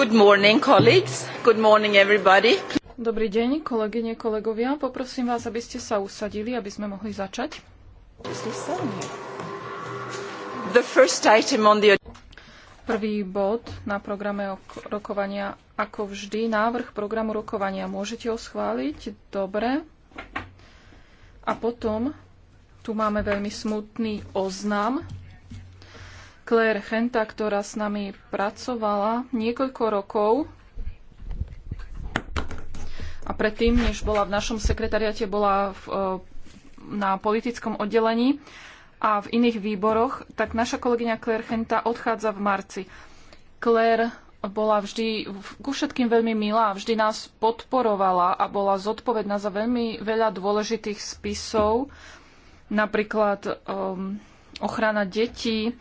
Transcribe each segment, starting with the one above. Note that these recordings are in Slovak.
Morning, morning, Dobrý deň, kolegyne, kolegovia. Poprosím vás, aby ste sa usadili, aby sme mohli začať. The... Prvý bod na programe rokovania, ako vždy, návrh programu rokovania. Môžete ho schváliť? Dobre. A potom tu máme veľmi smutný oznam Claire Henta, ktorá s nami pracovala niekoľko rokov a predtým, než bola v našom sekretariate, bola v, e, na politickom oddelení a v iných výboroch, tak naša kolegyňa Claire Henta odchádza v marci. Claire bola vždy ku všetkým veľmi milá, vždy nás podporovala a bola zodpovedná za veľmi veľa dôležitých spisov, napríklad um, ochrana detí,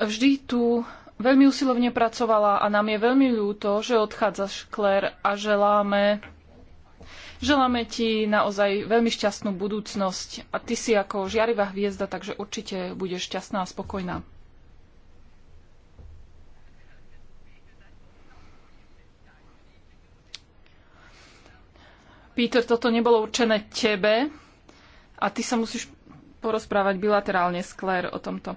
vždy tu veľmi usilovne pracovala a nám je veľmi ľúto, že odchádzaš, Claire, a želáme, želáme ti naozaj veľmi šťastnú budúcnosť. A ty si ako žiarivá hviezda, takže určite budeš šťastná a spokojná. Peter, toto nebolo určené tebe a ty sa musíš porozprávať bilaterálne s Claire o tomto. Uh,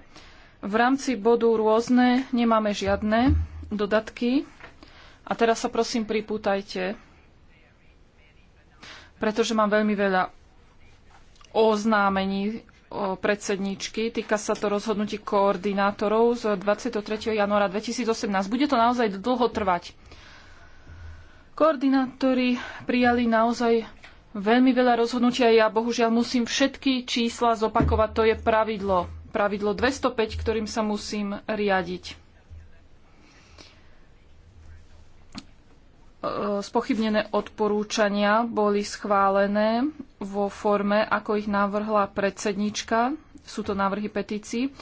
v rámci bodu rôzne nemáme žiadne dodatky. A teraz sa prosím pripútajte, pretože mám veľmi veľa oznámení predsedničky. Týka sa to rozhodnutí koordinátorov z 23. januára 2018. Bude to naozaj dlho trvať. Koordinátori prijali naozaj veľmi veľa rozhodnutia. ja bohužiaľ musím všetky čísla zopakovať. To je pravidlo pravidlo 205, ktorým sa musím riadiť. E, spochybnené odporúčania boli schválené vo forme, ako ich navrhla predsednička. Sú to návrhy petícií.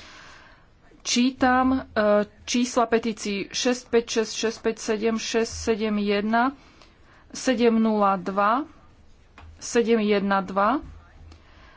Čítam e, čísla petícií 656, 657, 671, 702, 712,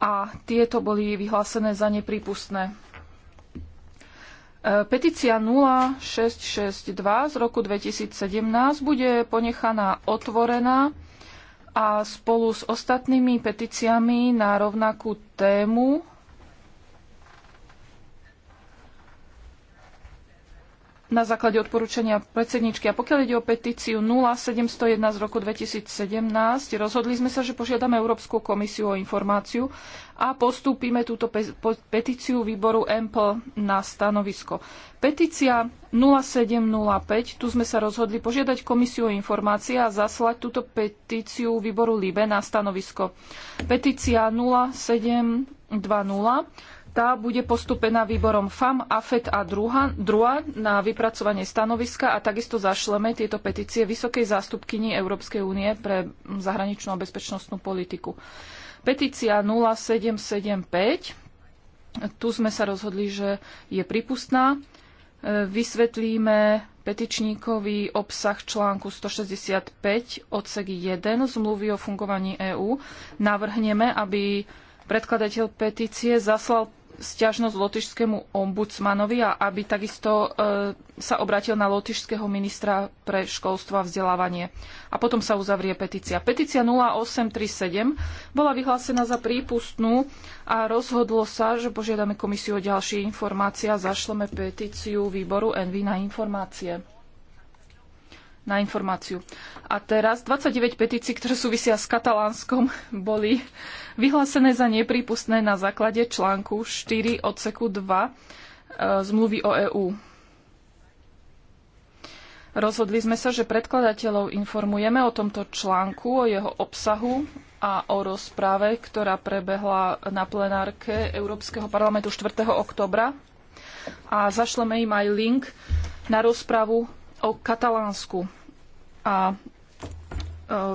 a tieto boli vyhlásené za neprípustné. E, petícia 0662 z roku 2017 bude ponechaná otvorená a spolu s ostatnými petíciami na rovnakú tému na základe odporúčania predsedničky. A pokiaľ ide o petíciu 0701 z roku 2017, rozhodli sme sa, že požiadame Európsku komisiu o informáciu a postúpime túto petíciu výboru EMPL na stanovisko. Petícia 0705, tu sme sa rozhodli požiadať komisiu o informácie a zaslať túto petíciu výboru LIBE na stanovisko. Petícia 0720 tá bude postupená výborom FAM, AFET a Druha, na vypracovanie stanoviska a takisto zašleme tieto petície Vysokej zástupkyni Európskej únie pre zahraničnú a bezpečnostnú politiku. Petícia 0775, tu sme sa rozhodli, že je prípustná. E, vysvetlíme petičníkový obsah článku 165 odsek 1 zmluvy o fungovaní EÚ. Navrhneme, aby predkladateľ petície zaslal sťažnosť lotišskému ombudsmanovi a aby takisto e, sa obratil na lotišského ministra pre školstvo a vzdelávanie. A potom sa uzavrie petícia. Petícia 0837 bola vyhlásená za prípustnú a rozhodlo sa, že požiadame komisiu o ďalšie informácie a zašleme petíciu výboru Envy na informácie na informáciu. A teraz 29 petícií, ktoré súvisia s katalánskom, boli vyhlásené za neprípustné na základe článku 4 odseku 2 e, zmluvy o EÚ. Rozhodli sme sa, že predkladateľov informujeme o tomto článku, o jeho obsahu a o rozprave, ktorá prebehla na plenárke Európskeho parlamentu 4. oktobra a zašleme im aj link na rozpravu o Katalánsku a e,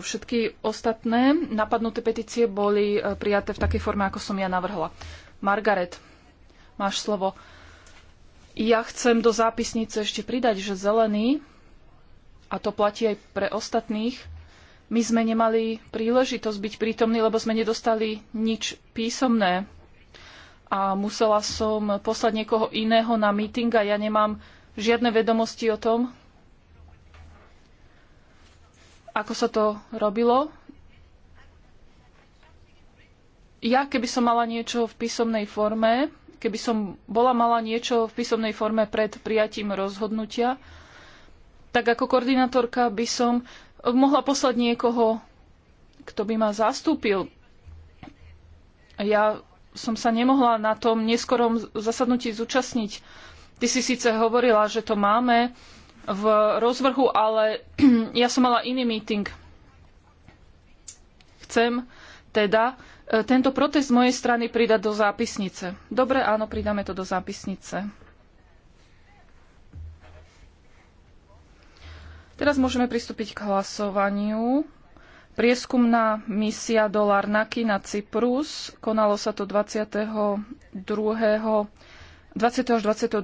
všetky ostatné napadnuté petície boli e, prijaté v takej forme, ako som ja navrhla. Margaret, máš slovo. Ja chcem do zápisnice ešte pridať, že zelený, a to platí aj pre ostatných, my sme nemali príležitosť byť prítomní, lebo sme nedostali nič písomné. A musela som poslať niekoho iného na meeting a ja nemám žiadne vedomosti o tom, ako sa to robilo. Ja, keby som mala niečo v písomnej forme, keby som bola mala niečo v písomnej forme pred prijatím rozhodnutia, tak ako koordinátorka by som mohla poslať niekoho, kto by ma zastúpil. Ja som sa nemohla na tom neskorom zasadnutí zúčastniť. Ty si síce hovorila, že to máme v rozvrhu, ale ja som mala iný meeting. Chcem teda e, tento protest z mojej strany pridať do zápisnice. Dobre, áno, pridáme to do zápisnice. Teraz môžeme pristúpiť k hlasovaniu. Prieskumná misia do Larnaky na Cyprus. Konalo sa to 22. 20. až 22.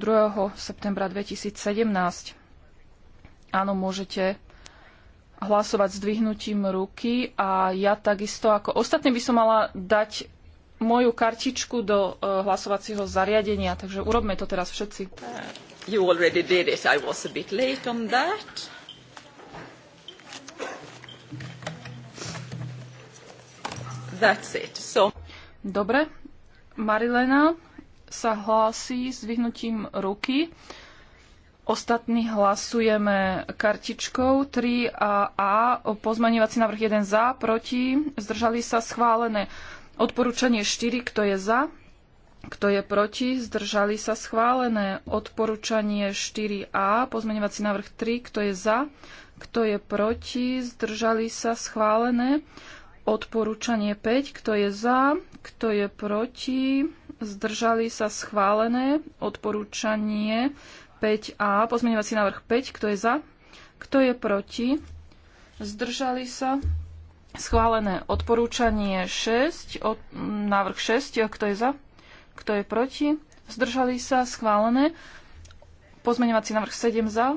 septembra 2017. Áno, môžete hlasovať s dvihnutím ruky a ja takisto ako ostatní by som mala dať moju kartičku do uh, hlasovacieho zariadenia, takže urobme to teraz všetci. Uh, you already did it. I was a bit late on that. That's it. So... Dobre. Marilena sa hlási s dvihnutím ruky. Ostatní hlasujeme kartičkou 3 a A. Pozmaňovací návrh 1 za, proti. Zdržali sa schválené. Odporúčanie 4, kto je za, kto je proti, zdržali sa schválené. Odporúčanie 4A, pozmeňovací návrh 3, kto je za, kto je proti, zdržali sa schválené. Odporúčanie 5, kto je za, kto je proti, zdržali sa schválené. Odporúčanie 5a, pozmeňovací návrh 5, kto je za, kto je proti, zdržali sa, schválené odporúčanie 6, od, mm, návrh 6, kto je za, kto je proti, zdržali sa, schválené, pozmeňovací návrh 7 za,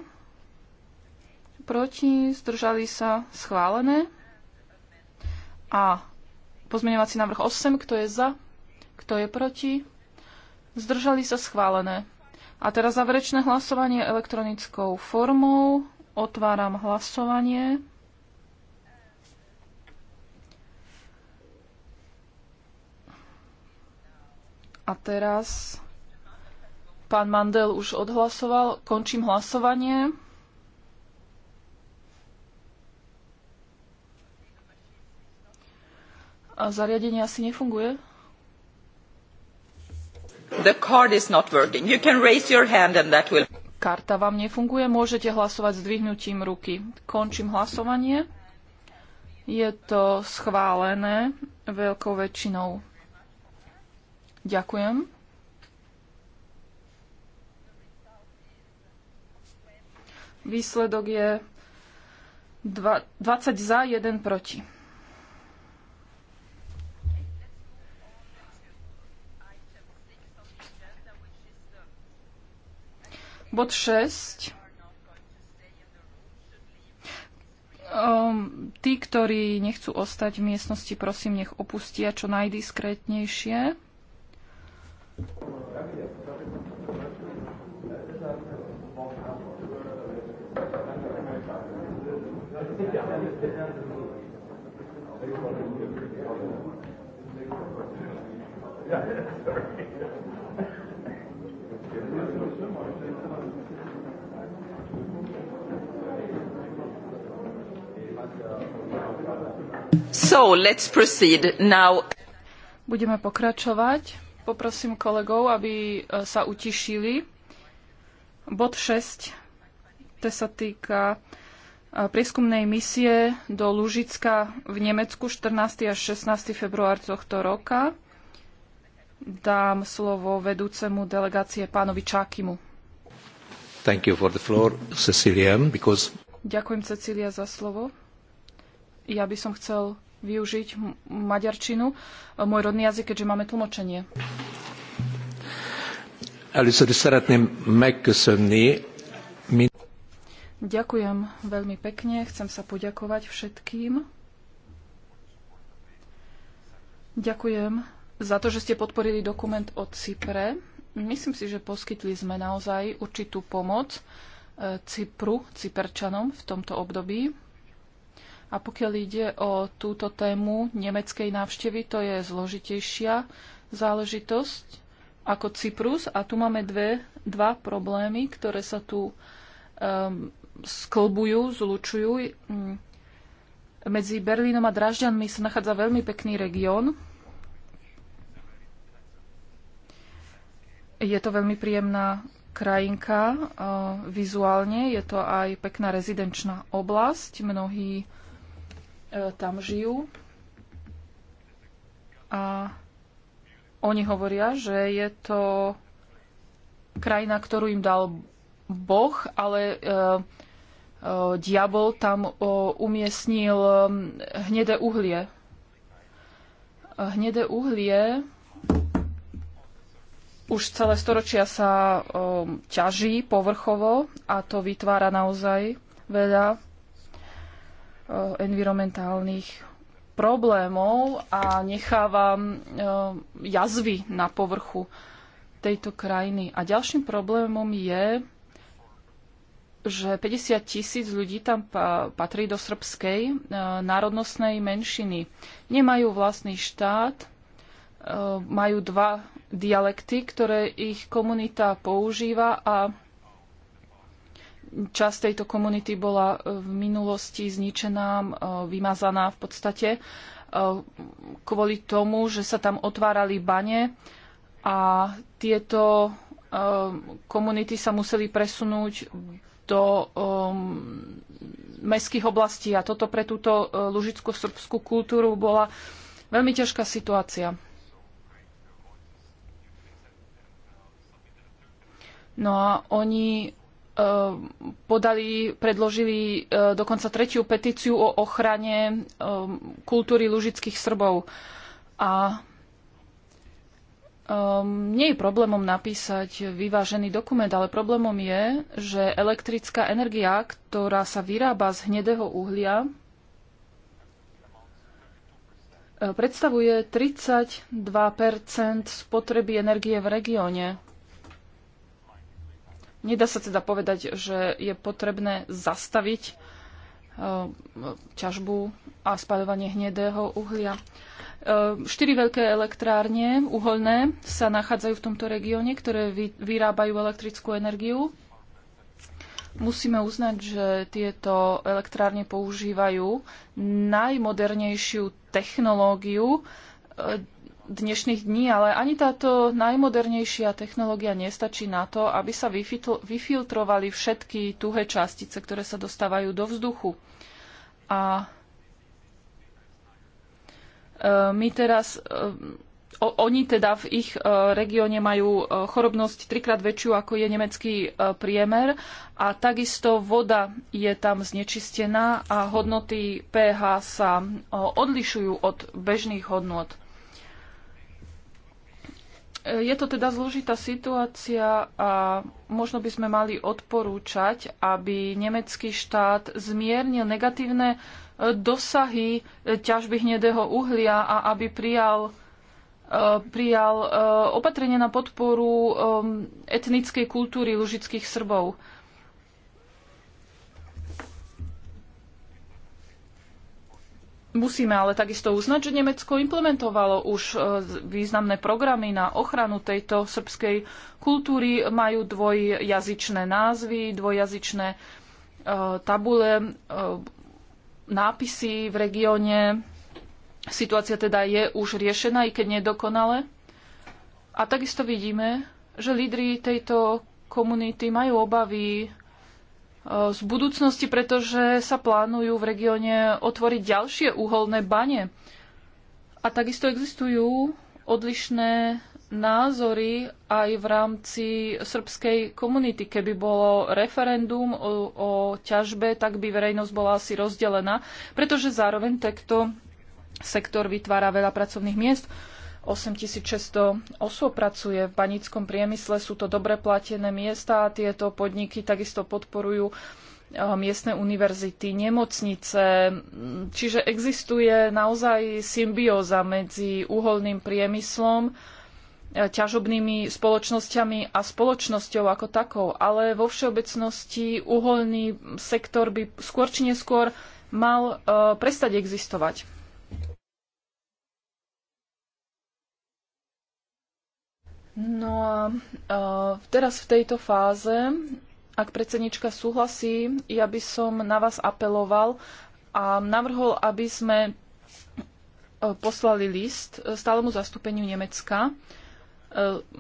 proti, zdržali sa, schválené a pozmeňovací návrh 8, kto je za, kto je proti, zdržali sa, schválené. A teraz záverečné hlasovanie elektronickou formou. Otváram hlasovanie. A teraz pán Mandel už odhlasoval. Končím hlasovanie. A zariadenie asi nefunguje. The card is not working. You can raise your hand and that will... Karta vám nefunguje, môžete hlasovať s dvihnutím ruky. Končím hlasovanie. Je to schválené veľkou väčšinou. Ďakujem. Výsledok je 20 za, 1 proti. Bod 6. Ehm, tí, ktorí nechcú ostať v miestnosti, prosím, nech opustia čo najdiskrétnejšie. Yeah, sorry. So, let's proceed now. Budeme pokračovať. Poprosím kolegov, aby e, sa utišili. Bod 6, to sa týka e, prieskumnej misie do Lužicka v Nemecku 14. až 16. február tohto roka. Dám slovo vedúcemu delegácie pánovi Čakimu. Thank you for the floor, Cecilia, because... Ďakujem, Cecília, za slovo. Ja by som chcel využiť maďarčinu, e, môj rodný jazyk, keďže máme tlmočenie. Ďakujem veľmi pekne, chcem sa poďakovať všetkým. Ďakujem za to, že ste podporili dokument od Cypre. Myslím si, že poskytli sme naozaj určitú pomoc e, Cypru, Cyperčanom v tomto období. A pokiaľ ide o túto tému nemeckej návštevy, to je zložitejšia záležitosť ako Cyprus. A tu máme dve, dva problémy, ktoré sa tu um, sklbujú, zlučujú. Mm. Medzi Berlínom a Dražďanmi sa nachádza veľmi pekný región. Je to veľmi príjemná krajinka eh, vizuálne, je to aj pekná rezidenčná oblasť. Mnohí E, tam žijú a oni hovoria, že je to krajina, ktorú im dal Boh, ale e, e, diabol tam e, umiestnil e, hnedé uhlie. E, hnedé uhlie už celé storočia sa e, ťaží povrchovo a to vytvára naozaj veľa Eh, environmentálnych problémov a necháva eh, jazvy na povrchu tejto krajiny. A ďalším problémom je, že 50 tisíc ľudí tam patrí do srbskej eh, národnostnej menšiny. Nemajú vlastný štát, majú dva dialekty, ktoré ich komunita používa a Časť tejto komunity bola e, v minulosti zničená, e, vymazaná v podstate e, kvôli tomu, že sa tam otvárali bane a tieto komunity sa museli presunúť do mestských oblastí. A toto pre túto uh, lužickú-srbskú kultúru bola veľmi ťažká situácia. No a oni Eh, podali, predložili eh, dokonca tretiu petíciu o ochrane eh, kultúry lužických Srbov. A Um, nie je problémom napísať vyvážený dokument, ale problémom je, že elektrická energia, ktorá sa vyrába z hnedého uhlia, predstavuje 32 spotreby energie v regióne. Nedá sa teda povedať, že je potrebné zastaviť eh, ťažbu a spadovanie hnedého uhlia. Eh, štyri veľké elektrárne uholné sa nachádzajú v tomto regióne, ktoré vyrábajú elektrickú energiu. Musíme uznať, že tieto elektrárne používajú najmodernejšiu technológiu eh, dnešných dní, ale ani táto najmodernejšia technológia nestačí na to, aby sa vyfiltrovali všetky tuhé častice, ktoré sa dostávajú do vzduchu. A e, my teraz, e, oni teda v ich e, regióne majú chorobnosť trikrát väčšiu, ako je nemecký priemer a takisto voda je tam znečistená a hodnoty pH sa odlišujú od bežných hodnot. Je to teda zložitá situácia a možno by sme mali odporúčať, aby nemecký štát zmiernil negatívne e, dosahy e, ťažby hnedého uhlia a aby prijal, e, prijal opatrenie na podporu etnickej kultúry lužických Srbov. Musíme ale takisto uznať, že Nemecko implementovalo už e, významné programy na ochranu tejto srbskej kultúry. Majú dvojjazyčné názvy, dvojjazyčné e, tabule, e, nápisy v regióne. Situácia teda je už riešená, i keď nedokonale. A takisto vidíme, že lídry tejto komunity majú obavy z budúcnosti, pretože sa plánujú v regióne otvoriť ďalšie uholné bane. A takisto existujú odlišné názory aj v rámci srbskej komunity. Keby bolo referendum o, o ťažbe, tak by verejnosť bola asi rozdelená, pretože zároveň takto sektor vytvára veľa pracovných miest. 8600 osôb pracuje v banickom priemysle, sú to dobre platené miesta a tieto podniky takisto podporujú eh, miestne univerzity, nemocnice. Čiže existuje naozaj symbióza medzi uholným priemyslom, eh, ťažobnými spoločnosťami a spoločnosťou ako takou. Ale vo všeobecnosti uholný sektor by skôr či neskôr mal eh, prestať existovať. No a teraz v tejto fáze, ak predsednička súhlasí, ja by som na vás apeloval a navrhol, aby sme e, poslali list e, stálemu zastúpeniu Nemecka e,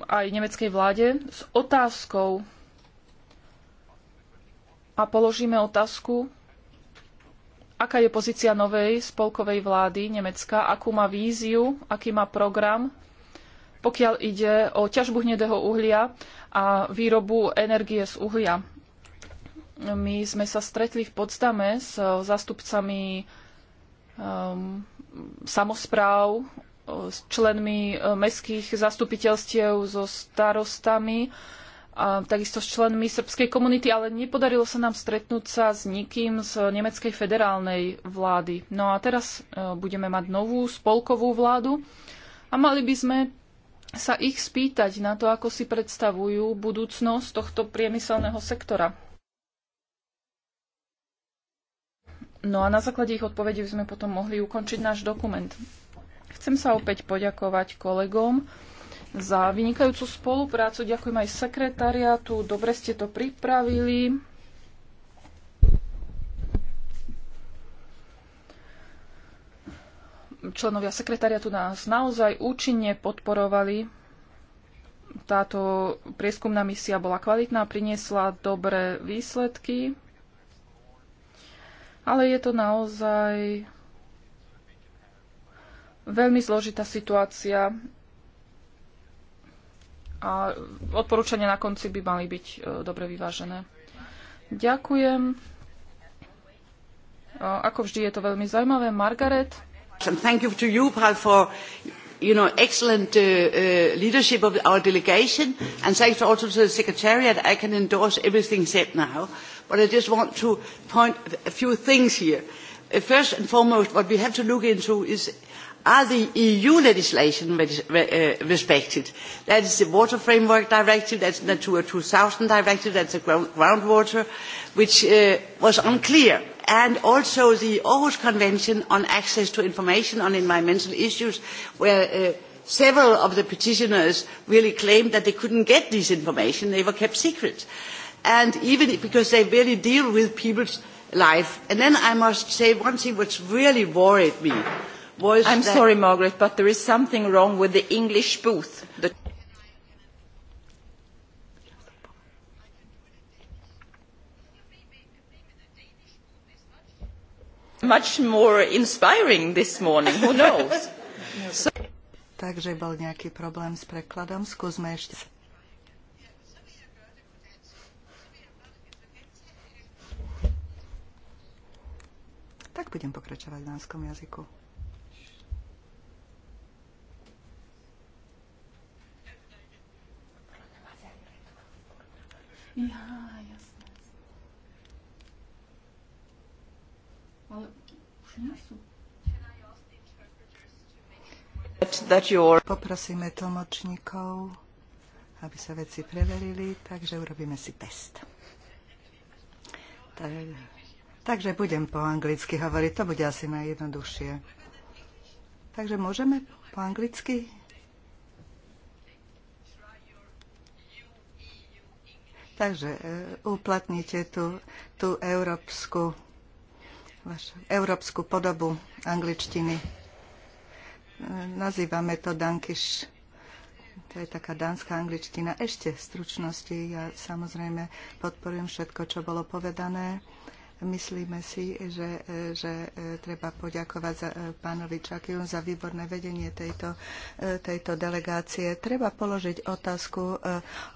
aj nemeckej vláde s otázkou a položíme otázku, aká je pozícia novej spolkovej vlády Nemecka, akú má víziu, aký má program pokiaľ ide o ťažbu hnedého uhlia a výrobu energie z uhlia. My sme sa stretli v podstame s eh, zástupcami um, samospráv, eh, s členmi eh, mestských zastupiteľstiev, so starostami, a takisto s členmi srbskej komunity, ale nepodarilo sa nám stretnúť sa s nikým z nemeckej federálnej vlády. No a teraz budeme mať novú spolkovú vládu a mali by sme sa ich spýtať na to, ako si predstavujú budúcnosť tohto priemyselného sektora. No a na základe ich odpovedí sme potom mohli ukončiť náš dokument. Chcem sa opäť poďakovať kolegom za vynikajúcu spoluprácu. Ďakujem aj sekretariatu. Dobre ste to pripravili. členovia sekretariatu nás naozaj účinne podporovali. Táto prieskumná misia bola kvalitná, priniesla dobré výsledky, ale je to naozaj veľmi zložitá situácia a odporúčania na konci by mali byť e, dobre vyvážené. Ďakujem. E, ako vždy je to veľmi zaujímavé. Margaret. And thank you to you, Paul, for you know, excellent uh, uh, leadership of our delegation. And thanks also to the Secretariat. I can endorse everything said now. But I just want to point a few things here. Uh, first and foremost, what we have to look into is are the EU legislation re uh, respected? That is the Water Framework Directive, that's the Natura 2000 Directive, that's the groundwater, which uh, was unclear and also the Aarhus Convention on Access to Information on Environmental Issues, where uh, several of the petitioners really claimed that they couldn't get this information, they were kept secret. And even because they really deal with people's life. And then I must say one thing which really worried me was I'm that... sorry, Margaret, but there is something wrong with the English booth. The much more inspiring this morning, who knows? So... Takže bol nejaký problém s prekladom, skúsme ešte. Tak budem pokračovať v dánskom jazyku. Ja, jasne. Ale už nie sú. Poprosíme tlmočníkov, aby sa veci preverili, takže urobíme si test. Tak, takže budem po anglicky hovoriť, to bude asi najjednoduchšie. Takže môžeme po anglicky? Takže e, uplatnite tú, tú európsku vašu európsku podobu angličtiny. E, nazývame to Dankish. To je taká dánska angličtina. Ešte v stručnosti, ja samozrejme podporujem všetko, čo bolo povedané. Myslíme si, že, e, že e, treba poďakovať za, pánovi Čakiu za výborné vedenie tejto, tejto delegácie. Treba položiť otázku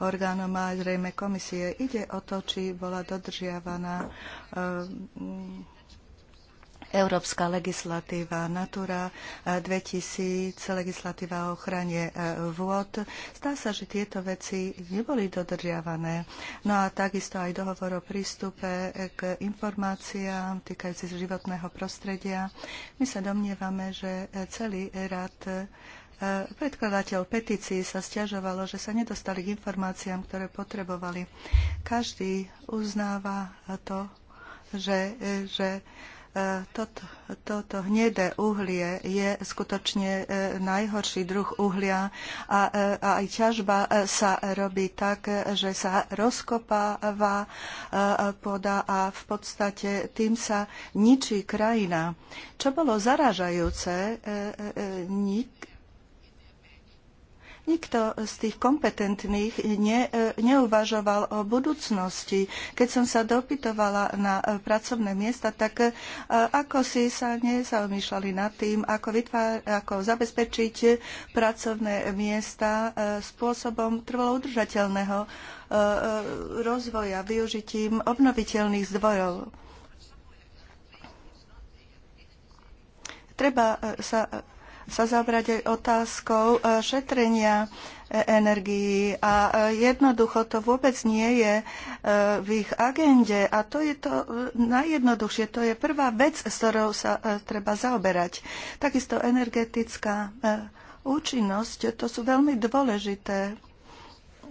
orgánom a zrejme komisie. Ide o to, či bola dodržiavaná Európska legislatíva Natura 2000, eh, legislatíva o ochrane eh, vôd. Zdá sa, že tieto veci neboli dodržiavané. No a takisto aj dohovor o prístupe eh, k informáciám týkajúci životného prostredia. My sa domnievame, že celý rad predkladateľ petícií sa stiažovalo, že sa nedostali k informáciám, ktoré potrebovali. Každý uznáva to, že, že toto, toto hnedé uhlie je skutočne e, najhorší druh uhlia a, e, a aj ťažba e, sa robí tak, že sa rozkopáva poda a v podstate tým sa ničí krajina. Čo bolo zaražajúce, nik, Nikto z tých kompetentných ne, e, neuvažoval o budúcnosti. Keď som sa dopytovala na e, pracovné miesta, tak e, ako si sa nezaomýšľali nad tým, ako, vytvár, ako zabezpečiť pracovné miesta spôsobom trvalo udržateľného rozvoja, využitím obnoviteľných zdvojov. Treba sa sa zabrať aj otázkou e, šetrenia e, energií a e, jednoducho to vôbec nie je v ich agende a to je to najjednoduchšie, to je prvá vec, s ktorou sa treba zaoberať. Takisto energetická účinnosť, to sú veľmi dôležité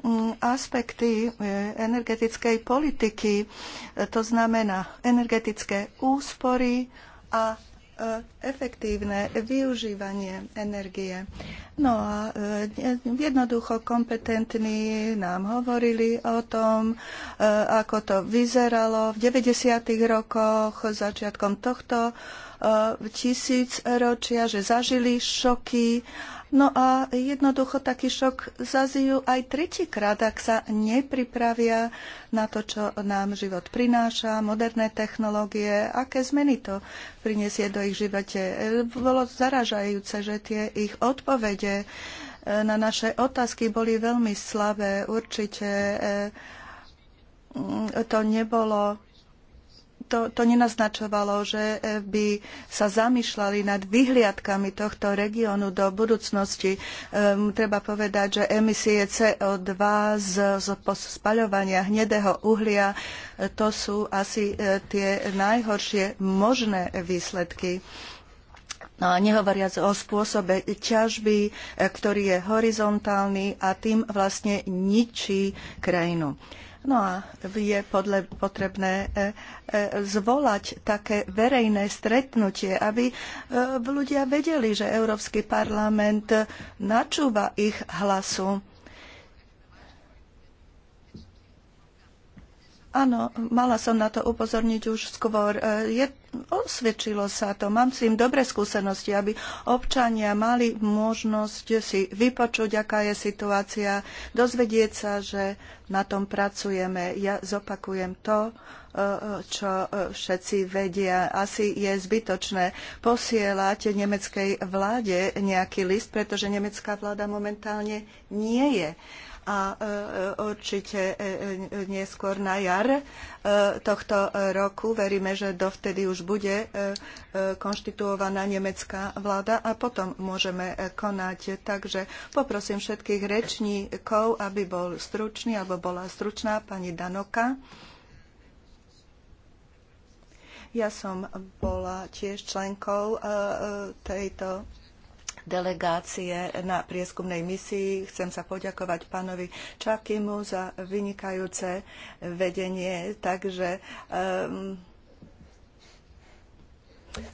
mm, aspekty energetickej politiky, to znamená energetické úspory a E, efektívne využívanie energie. No a e, jednoducho kompetentní nám hovorili o tom, e, ako to vyzeralo v 90. rokoch, začiatkom tohto tisícročia, že zažili šoky, No a jednoducho taký šok zazijú aj tretíkrát, ak sa nepripravia na to, čo nám život prináša, moderné technológie, aké zmeny to priniesie do ich živote. Bolo zaražajúce, že tie ich odpovede e, na naše otázky boli veľmi slabé. Určite e, to nebolo to, to nenaznačovalo, že eh, by sa zamýšľali nad vyhliadkami tohto regiónu do budúcnosti. Um, treba povedať, že emisie CO2 z, z spaľovania hnedého uhlia, eh, to sú asi eh, tie najhoršie možné výsledky no nehovoriac o spôsobe ťažby, ktorý je horizontálny a tým vlastne ničí krajinu. No a je podle, potrebné e, e, zvolať také verejné stretnutie, aby e, ľudia vedeli, že Európsky parlament načúva ich hlasu Áno, mala som na to upozorniť už skôr. E, je, osvedčilo sa to. Mám s tým dobré skúsenosti, aby občania mali možnosť si vypočuť, aká je situácia, dozvedieť sa, že na tom pracujeme. Ja zopakujem to, e, čo e, všetci vedia. Asi je zbytočné posielať nemeckej vláde nejaký list, pretože nemecká vláda momentálne nie je a e, určite e, e, neskôr na jar tohto roku. Veríme, že dovtedy už bude konštituovaná nemecká vláda a potom môžeme konať. Takže poprosím všetkých rečníkov, aby bol stručný alebo bola stručná pani Danoka. Ja som bola tiež členkou tejto delegácie na prieskumnej misii. Chcem sa poďakovať pánovi Čakimu za vynikajúce vedenie, takže um,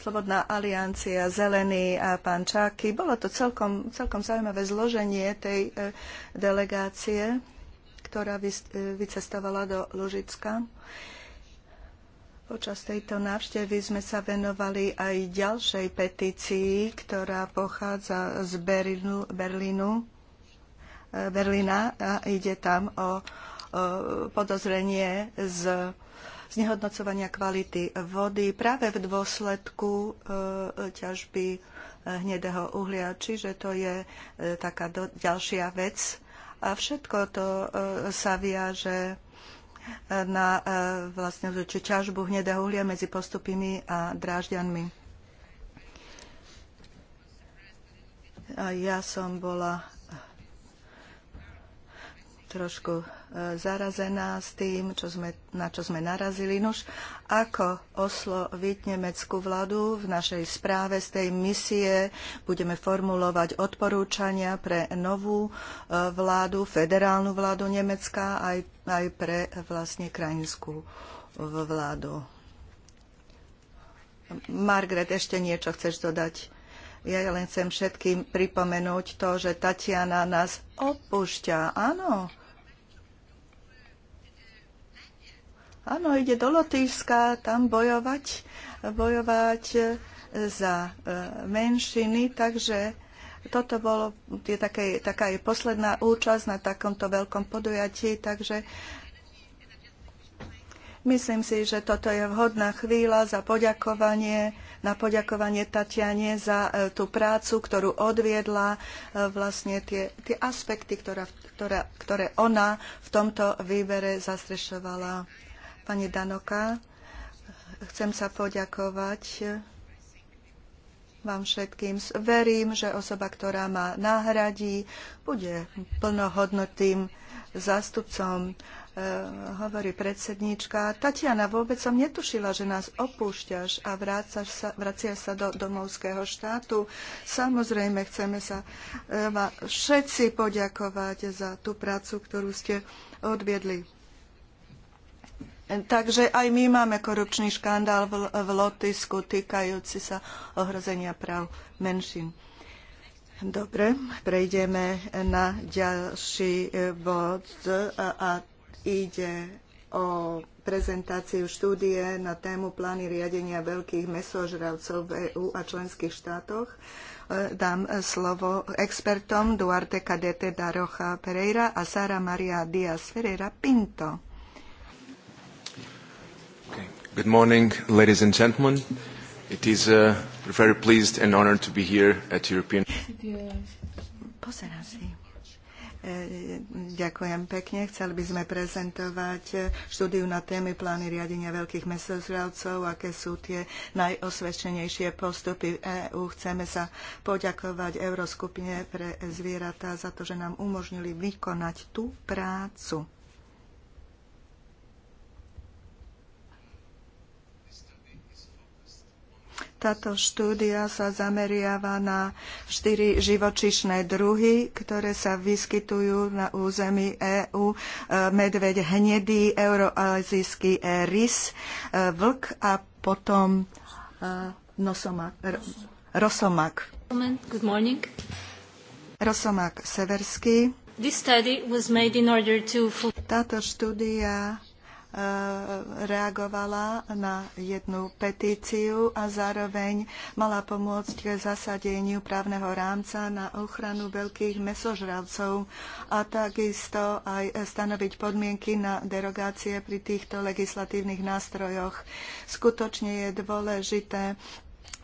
Slobodná aliancia, Zelený a pán Čáky. Bolo to celkom, celkom zaujímavé zloženie tej e, delegácie, ktorá vys, e, vycestovala do Lužicka. Uh, Počas tejto návštevy sme sa venovali aj ďalšej petícii, ktorá pochádza z Berlínu, Berlínu e, Berlína a ide tam o, o podozrenie z znehodnocovania kvality vody práve v dôsledku e, ťažby e, hnedého uhlia. Čiže to je e, taká do, ďalšia vec. A všetko to e, sa viaže na e, vlastne či ťažbu hnedého uhlia medzi postupými a drážďanmi. Ja som bola trošku e, zarazená s tým, čo sme, na čo sme narazili. Nož, ako osloviť nemeckú vládu v našej správe z tej misie budeme formulovať odporúčania pre novú e, vládu, federálnu vládu Nemecka, aj aj pre vlastne krajinskú vládu. Margaret, ešte niečo chceš dodať? Ja len chcem všetkým pripomenúť to, že Tatiana nás opúšťa. Áno. Áno, ide do Lotyšska, tam bojovať, bojovať za e, menšiny, takže toto bolo, je také, taká je posledná účasť na takomto veľkom podujatí, takže Myslím si, že toto je vhodná chvíľa za poďakovanie, na poďakovanie Tatiane za e, tú prácu, ktorú odviedla, e, vlastne tie, tie aspekty, ktorá, ktorá, ktoré ona v tomto výbere zastrešovala. Pani Danoka, chcem sa poďakovať vám všetkým. Verím, že osoba, ktorá ma nahradí, bude plnohodnotým zástupcom, e, hovorí predsedníčka. Tatiana, vôbec som netušila, že nás opúšťaš a vrácaš sa, vraciaš sa do domovského štátu. Samozrejme, chceme sa e, všetci poďakovať za tú prácu, ktorú ste odviedli. Takže aj my máme korupčný škandál v, Lotisku týkajúci sa ohrozenia práv menšín. Dobre, prejdeme na ďalší e, bod a, ide o prezentáciu štúdie na tému plány riadenia veľkých mesožravcov v EÚ a členských štátoch. E, dám e, slovo expertom Duarte Cadete da Rocha Pereira a Sara Maria Díaz Ferreira Pinto. Good morning, ladies and gentlemen. It is a uh, very pleased and honor to be here at European. E, ďakujem pekne. Chceli by sme prezentovať e, štúdiu na témy plány riadenia veľkých mesozrelcov, aké sú tie najosvedčenejšie postupy v EÚ. Chceme sa poďakovať Euroskupine pre zvieratá za to, že nám umožnili vykonať tú prácu Táto štúdia sa zameriava na štyri živočišné druhy, ktoré sa vyskytujú na území EÚ. E, medveď hnedý, euroazijský e, rys, e, vlk a potom nosomak, rosomak. Good morning. Rosomak severský. Táto štúdia reagovala na jednu petíciu a zároveň mala pomôcť k zasadeniu právneho rámca na ochranu veľkých mesožravcov a takisto aj stanoviť podmienky na derogácie pri týchto legislatívnych nástrojoch. Skutočne je dôležité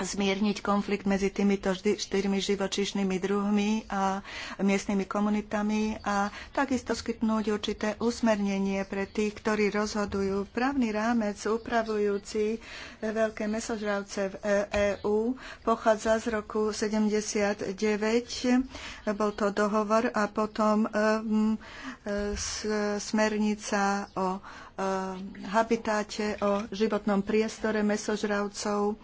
zmierniť konflikt medzi týmito štyrmi živočíšnymi druhmi a miestnymi komunitami a takisto skytnúť určité usmernenie pre tých, ktorí rozhodujú. Právny rámec upravujúci veľké mesožravce v EÚ e pochádza z roku 79. Bol to dohovor a potom ehm, smernica o ehm, habitáte, o životnom priestore mesožravcov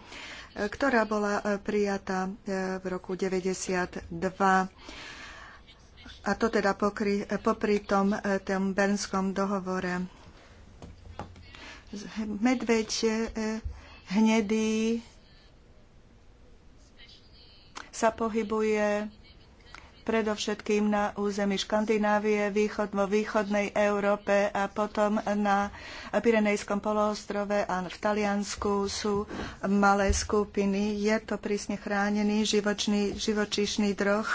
ktorá bola e, prijatá e, v roku 1992, A to teda pokry, popri tom, e, tom Bernskom dohovore. Medveď hnedý sa pohybuje predovšetkým na území Škandinávie, východ, vo východnej Európe a potom na Pirenejskom poloostrove a v Taliansku sú malé skupiny. Je to prísne chránený živočný, živočišný droh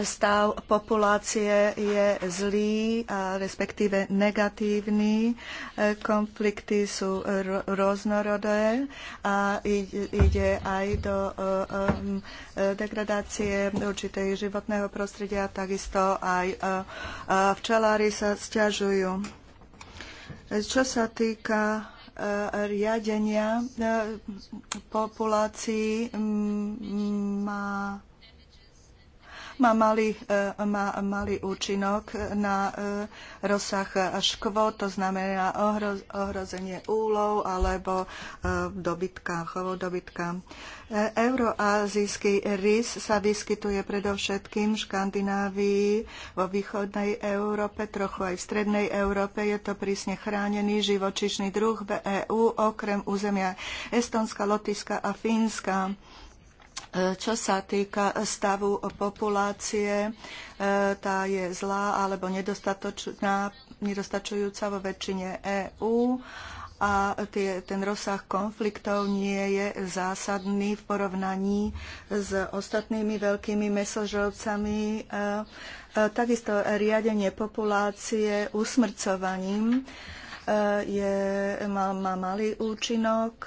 stav populácie je zlý, a respektíve negatívny. E, konflikty sú rôznorodé a ide aj do e, e, degradácie určitej životného prostredia, takisto aj včelári sa stiažujú. Čo sa týka riadenia populácií má má malý, e, má malý účinok na e, rozsah škvo, to znamená ohrozenie úlov alebo e, dobytka, chovov dobytka. Euroazijský rys sa vyskytuje predovšetkým v Škandinávii, vo východnej Európe, trochu aj v strednej Európe. Je to prísne chránený živočišný druh v EÚ, okrem územia Estonska, Lotyšska a Fínska. Čo sa týka stavu populácie, e, tá je zlá alebo nedostatočná, nedostačujúca vo väčšine EÚ a tie, ten rozsah konfliktov nie je zásadný v porovnaní s ostatnými veľkými mesožrovcami. E, e, takisto riadenie populácie usmrcovaním Eh, je, má, má malý účinok,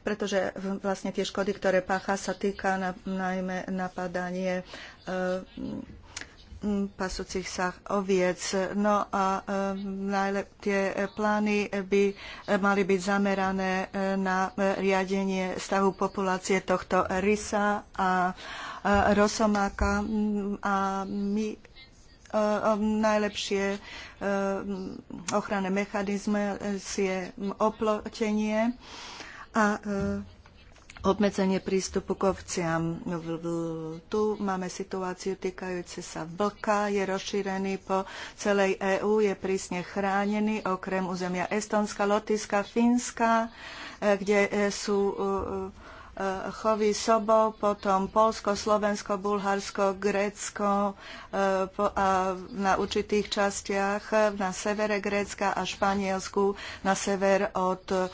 pretože vlastne tie škody, ktoré pácha, sa týka na, najmä napadanie eh, pasúcich sa oviec. No a e, tie plány by mali byť zamerané na riadenie stavu populácie tohto rysa a rosomáka a my najlepšie e, ochranné mechanizmy je oplotenie a e, obmedzenie prístupu k ovciam. Tu máme situáciu týkajúce sa vlka, je rozšírený po celej EÚ, je prísne chránený okrem územia Estonska, Lotyska, Fínska, e, kde sú chovy sobov, potom Polsko, Slovensko, Bulharsko, Grécko eh, a na určitých častiach na severe Grécka a Španielsku na sever od eh,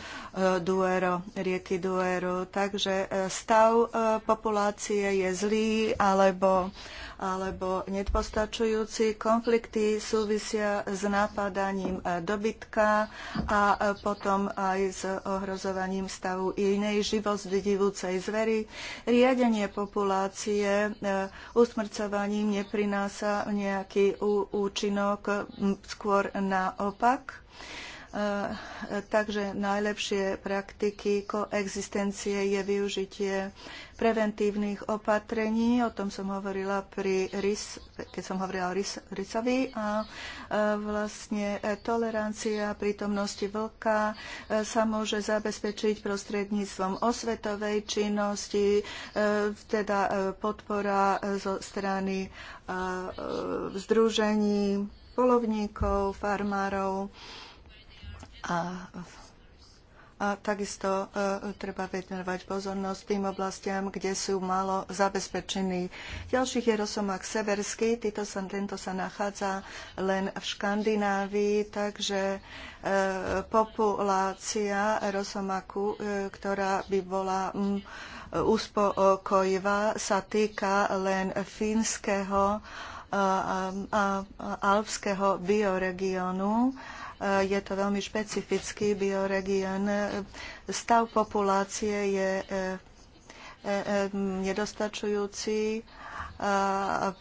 Duero, rieky Duero. Takže eh, stav populácie je zlý alebo alebo nedpostačujúci. Konflikty súvisia s nápadaním dobytka a potom aj s ohrozovaním stavu inej divúcej zvery. Riadenie populácie e, usmrcovaním neprináša nejaký účinok, skôr naopak takže najlepšie praktiky koexistencie je využitie preventívnych opatrení. O tom som hovorila pri RIS, keď som hovorila o RIS, RISovi. A vlastne tolerancia prítomnosti vlka sa môže zabezpečiť prostredníctvom osvetovej činnosti, teda podpora zo strany združení polovníkov, farmárov. A a takisto e, treba venovať pozornosť tým oblastiam, kde sú malo zabezpečení. Ďalších je Rosomak Severský, sa, tento sa nachádza len v Škandinávii, takže e, populácia Rosomaku, e, ktorá by bola uspokojivá, sa týka len fínskeho a, a, a alpského bioregiónu. E, Eh, je to veľmi špecifický bioregión. Stav populácie je eh, eh, mm, nedostačujúci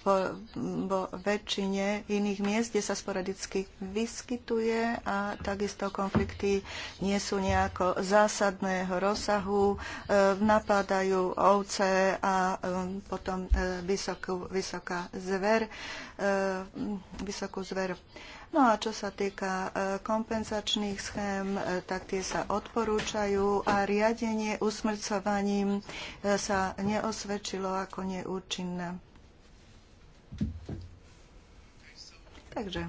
vo, väčšine iných miest, kde sa sporadicky vyskytuje a takisto konflikty nie sú nejako zásadného rozsahu, napadajú ovce a potom vysokú, vysoká zver, vysokú zver. No a čo sa týka e, kompenzačných schém, e, tak tie sa odporúčajú a riadenie usmrcovaním e, sa neosvedčilo ako neúčinné. Takže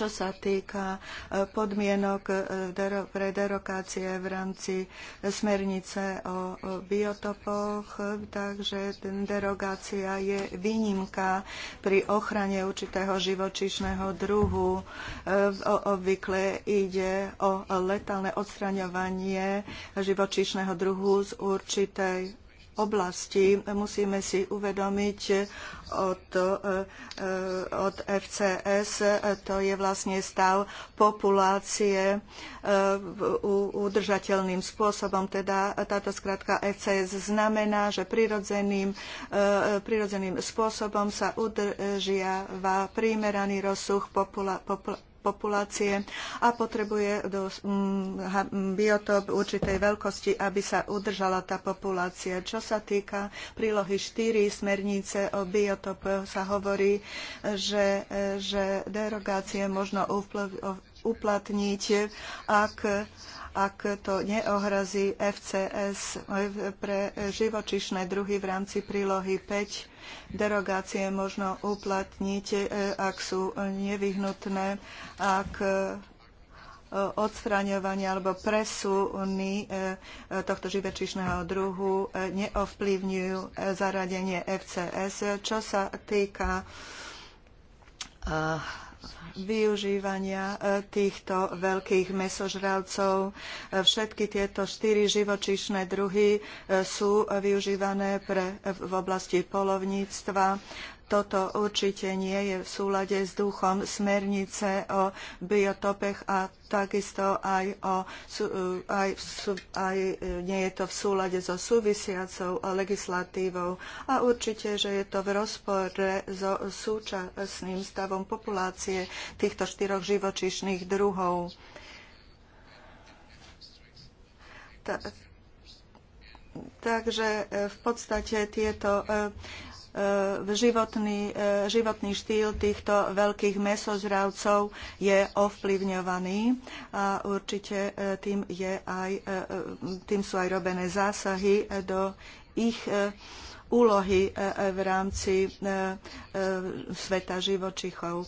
čo sa týka e, podmienok e, pre derokácie v rámci smernice o biotopoch, e, takže derogácia je výnimka pri ochrane určitého živočíšneho druhu. Obvykle ide o letálne odstraňovanie živočíšneho druhu z určitej oblasti musíme si uvedomiť od, eh, od FCS, to je vlastne stav populácie eh, udržateľným spôsobom. Teda táto skratka FCS znamená, že prirodzeným, eh, prirodzeným spôsobom sa udržiava primeraný rozsuch popula, popula, populácie a potrebuje do, mm, biotop určitej veľkosti, aby sa udržala tá populácia. Čo sa týka prílohy 4 smernice o biotop, sa hovorí, že, že derogácie možno uplatniť, ak ak to neohrozí FCS eh, pre živočišné druhy v rámci prílohy 5. Derogácie možno uplatniť, eh, ak sú nevyhnutné, ak eh, odstraňovanie alebo presuny tohto živočišného druhu neovplyvňujú zaradenie FCS. Čo sa týka využívania e, týchto veľkých mesožralcov. E, všetky tieto štyri živočíšne druhy e, sú využívané pre, v oblasti polovníctva toto určite nie je v súlade s duchom smernice o biotopech a takisto aj, o, e, aj, aj e, nie je to v súlade so súvisiacou legislatívou a určite, že je to v rozpore so súčasným stavom populácie týchto štyroch živočíšnych druhov. Ta, takže e, v podstate tieto životný, e, životný štýl týchto veľkých mesožravcov je ovplyvňovaný a určite e, tým, je aj, e, tým sú aj robené zásahy do ich úlohy e, e, v rámci e, sveta živočichov.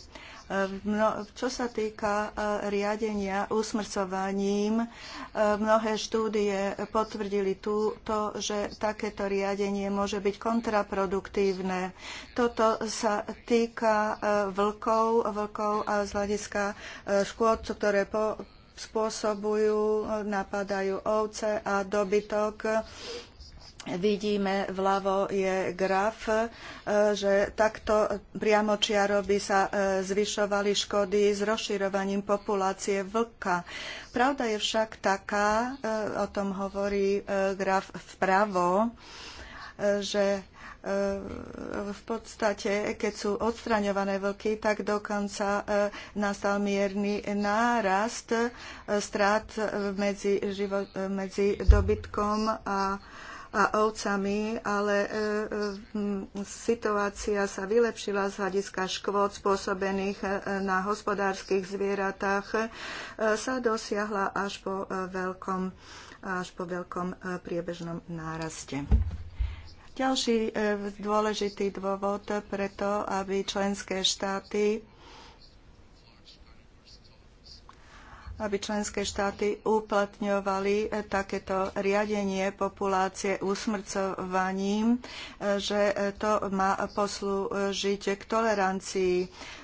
No, čo sa týka riadenia usmrcovaním, mnohé štúdie potvrdili tú, to, že takéto riadenie môže byť kontraproduktívne. Toto sa týka vlkov, vlkov a z hľadiska škôd, ktoré po, spôsobujú, napadajú ovce a dobytok vidíme vľavo je graf, e, že takto priamočiaro by sa e, zvyšovali škody s rozširovaním populácie vlka. Pravda je však taká, e, o tom hovorí graf vpravo, že v podstate, keď sú odstraňované vlky, tak dokonca nastal mierny nárast strát medzi, medzi dobytkom a a ovcami, ale e, e, situácia sa vylepšila z hľadiska škôd spôsobených e, na hospodárskych zvieratách. Sa dosiahla až po veľkom, až po veľkom priebežnom náraste. Ďalší dôležitý dôvod preto, aby členské štáty aby členské štáty uplatňovali eh, takéto riadenie populácie usmrcovaním, eh, že eh, to má poslúžiť k tolerancii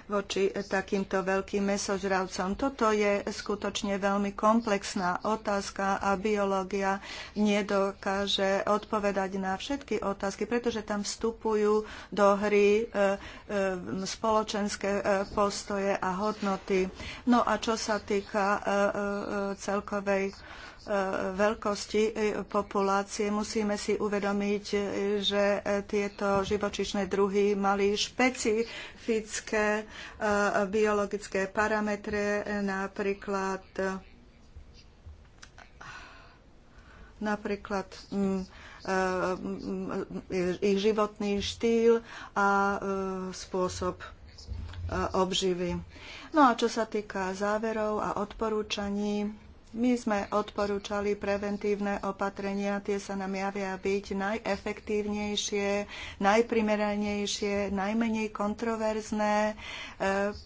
voči takýmto veľkým mesožravcom. Toto je skutočne veľmi komplexná otázka a biológia nedokáže odpovedať na všetky otázky, pretože tam vstupujú do hry spoločenské postoje a hodnoty. No a čo sa týka celkovej e, veľkosti e, populácie musíme si uvedomiť, e, že tieto živočišné druhy mali špecifické biologické parametre, napríklad napríklad mm, ich životný štýl a spôsob obživy. No a čo sa týka záverov a odporúčaní, my sme odporúčali preventívne opatrenia, tie sa nám javia byť najefektívnejšie, najprimeranejšie, najmenej kontroverzné, e,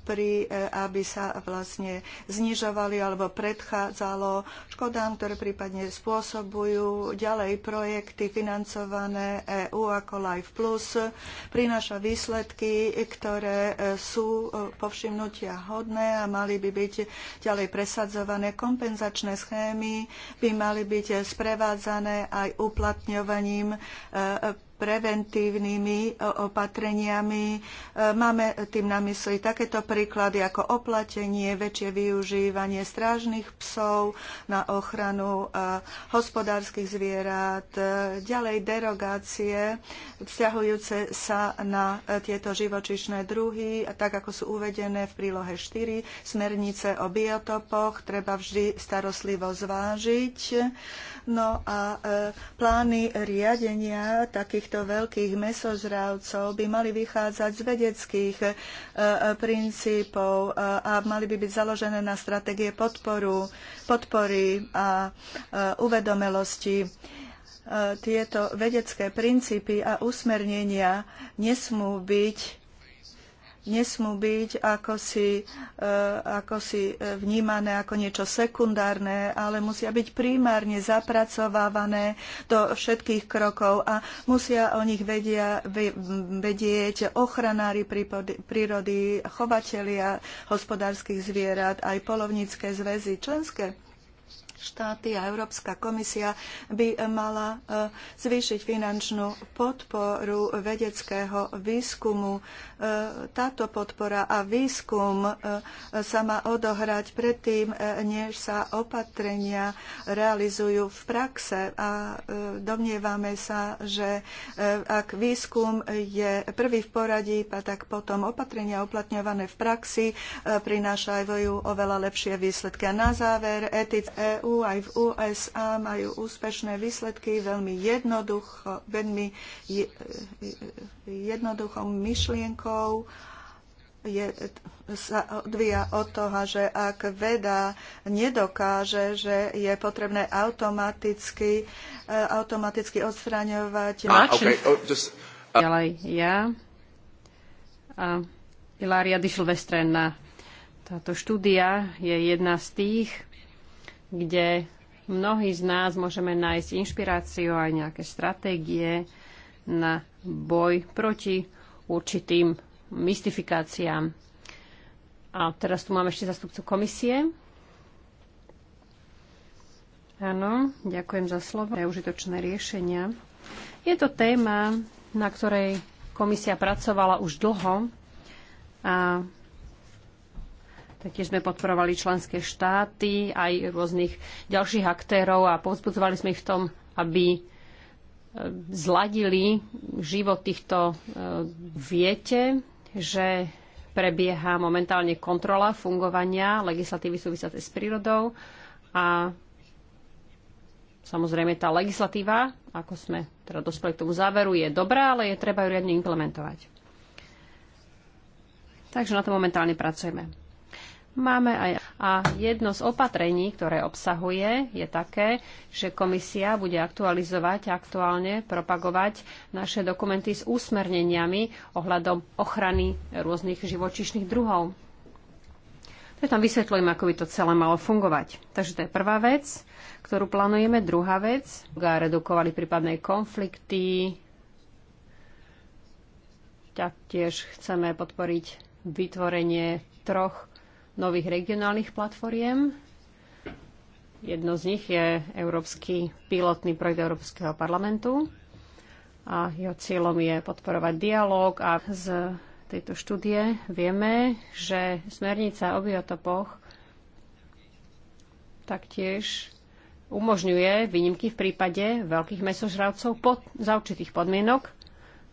pri, e, aby sa vlastne znižovali alebo predchádzalo škodám, ktoré prípadne spôsobujú. Ďalej projekty financované EU ako Life Plus prináša výsledky, ktoré e, sú povšimnutia hodné a mali by byť ďalej presadzované kompenzácie operačné schémy by mali byť sprevádzané aj uplatňovaním eh, preventívnymi e, opatreniami. E, máme tým na mysli takéto príklady ako oplatenie, väčšie využívanie strážnych psov na ochranu e, hospodárskych zvierat, ďalej derogácie vzťahujúce sa na tieto živočišné druhy, tak ako sú uvedené v prílohe 4, smernice o biotopoch, treba vždy starostlivo zvážiť No a e, plány riadenia takýchto veľkých mesožravcov by mali vychádzať z vedeckých e, e, princípov a mali by byť založené na stratégie podporu, podpory a uvedomelosti tieto vedecké princípy a usmernenia nesmú byť nesmú byť ako si, e, e, vnímané ako niečo sekundárne, ale musia byť primárne zapracovávané do všetkých krokov a musia o nich vedia, vedieť ochranári prírody, chovatelia hospodárskych zvierat, aj polovnícke zväzy, členské štáty a Európska komisia by mala eh, zvýšiť finančnú podporu vedeckého výskumu. Eh, táto podpora a výskum eh, sa má odohrať predtým, než sa opatrenia realizujú v praxe a domnievame sa, že ak výskum je prvý v poradí, tak potom opatrenia uplatňované v praxi prinášajú oveľa lepšie výsledky. A na záver, etic EU aj v USA majú úspešné výsledky veľmi, jednoducho, veľmi jednoduchou myšlienkou je, sa odvíja od toho, že ak veda nedokáže, že je potrebné automaticky, eh, automaticky odstraňovať... Ah, okay. oh, just, uh... Ďalej ja a Ilária Dišilvestrenna. Táto štúdia je jedna z tých, kde mnohí z nás môžeme nájsť inšpiráciu aj nejaké stratégie na boj proti určitým mystifikáciám. A teraz tu máme ešte zastupcu komisie. Áno, ďakujem za slovo. Je užitočné riešenia. Je to téma, na ktorej komisia pracovala už dlho a Taktiež sme podporovali členské štáty, aj rôznych ďalších aktérov a povzbudzovali sme ich v tom, aby e, zladili život týchto e, viete, že prebieha momentálne kontrola fungovania legislatívy súvisiacej s prírodou a samozrejme tá legislatíva, ako sme teda dospeli k tomu záveru, je dobrá, ale je treba ju riadne implementovať. Takže na to momentálne pracujeme máme aj. A jedno z opatrení, ktoré obsahuje, je také, že komisia bude aktualizovať, aktuálne propagovať naše dokumenty s úsmerneniami ohľadom ochrany rôznych živočíšnych druhov. Ja tam vysvetľujem, ako by to celé malo fungovať. Takže to je prvá vec, ktorú plánujeme. Druhá vec, redukovali prípadné konflikty. Taktiež chceme podporiť vytvorenie troch nových regionálnych platformiem. Jedno z nich je Európsky pilotný projekt Európskeho parlamentu a jeho cieľom je podporovať dialog a z tejto štúdie vieme, že smernica o biotopoch taktiež umožňuje výnimky v prípade veľkých mesožravcov pod, za určitých podmienok,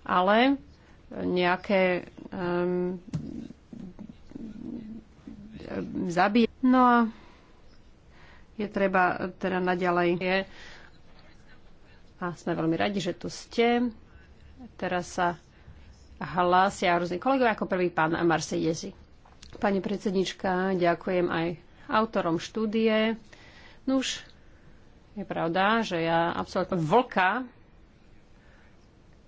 ale nejaké um, zabíja. No a je treba teda naďalej. Je. A sme veľmi radi, že tu ste. Teraz sa hlásia rôzni kolegovia, ako prvý pán Marsedezi. Pani predsednička, ďakujem aj autorom štúdie. Nuž, no je pravda, že ja absolútne vlka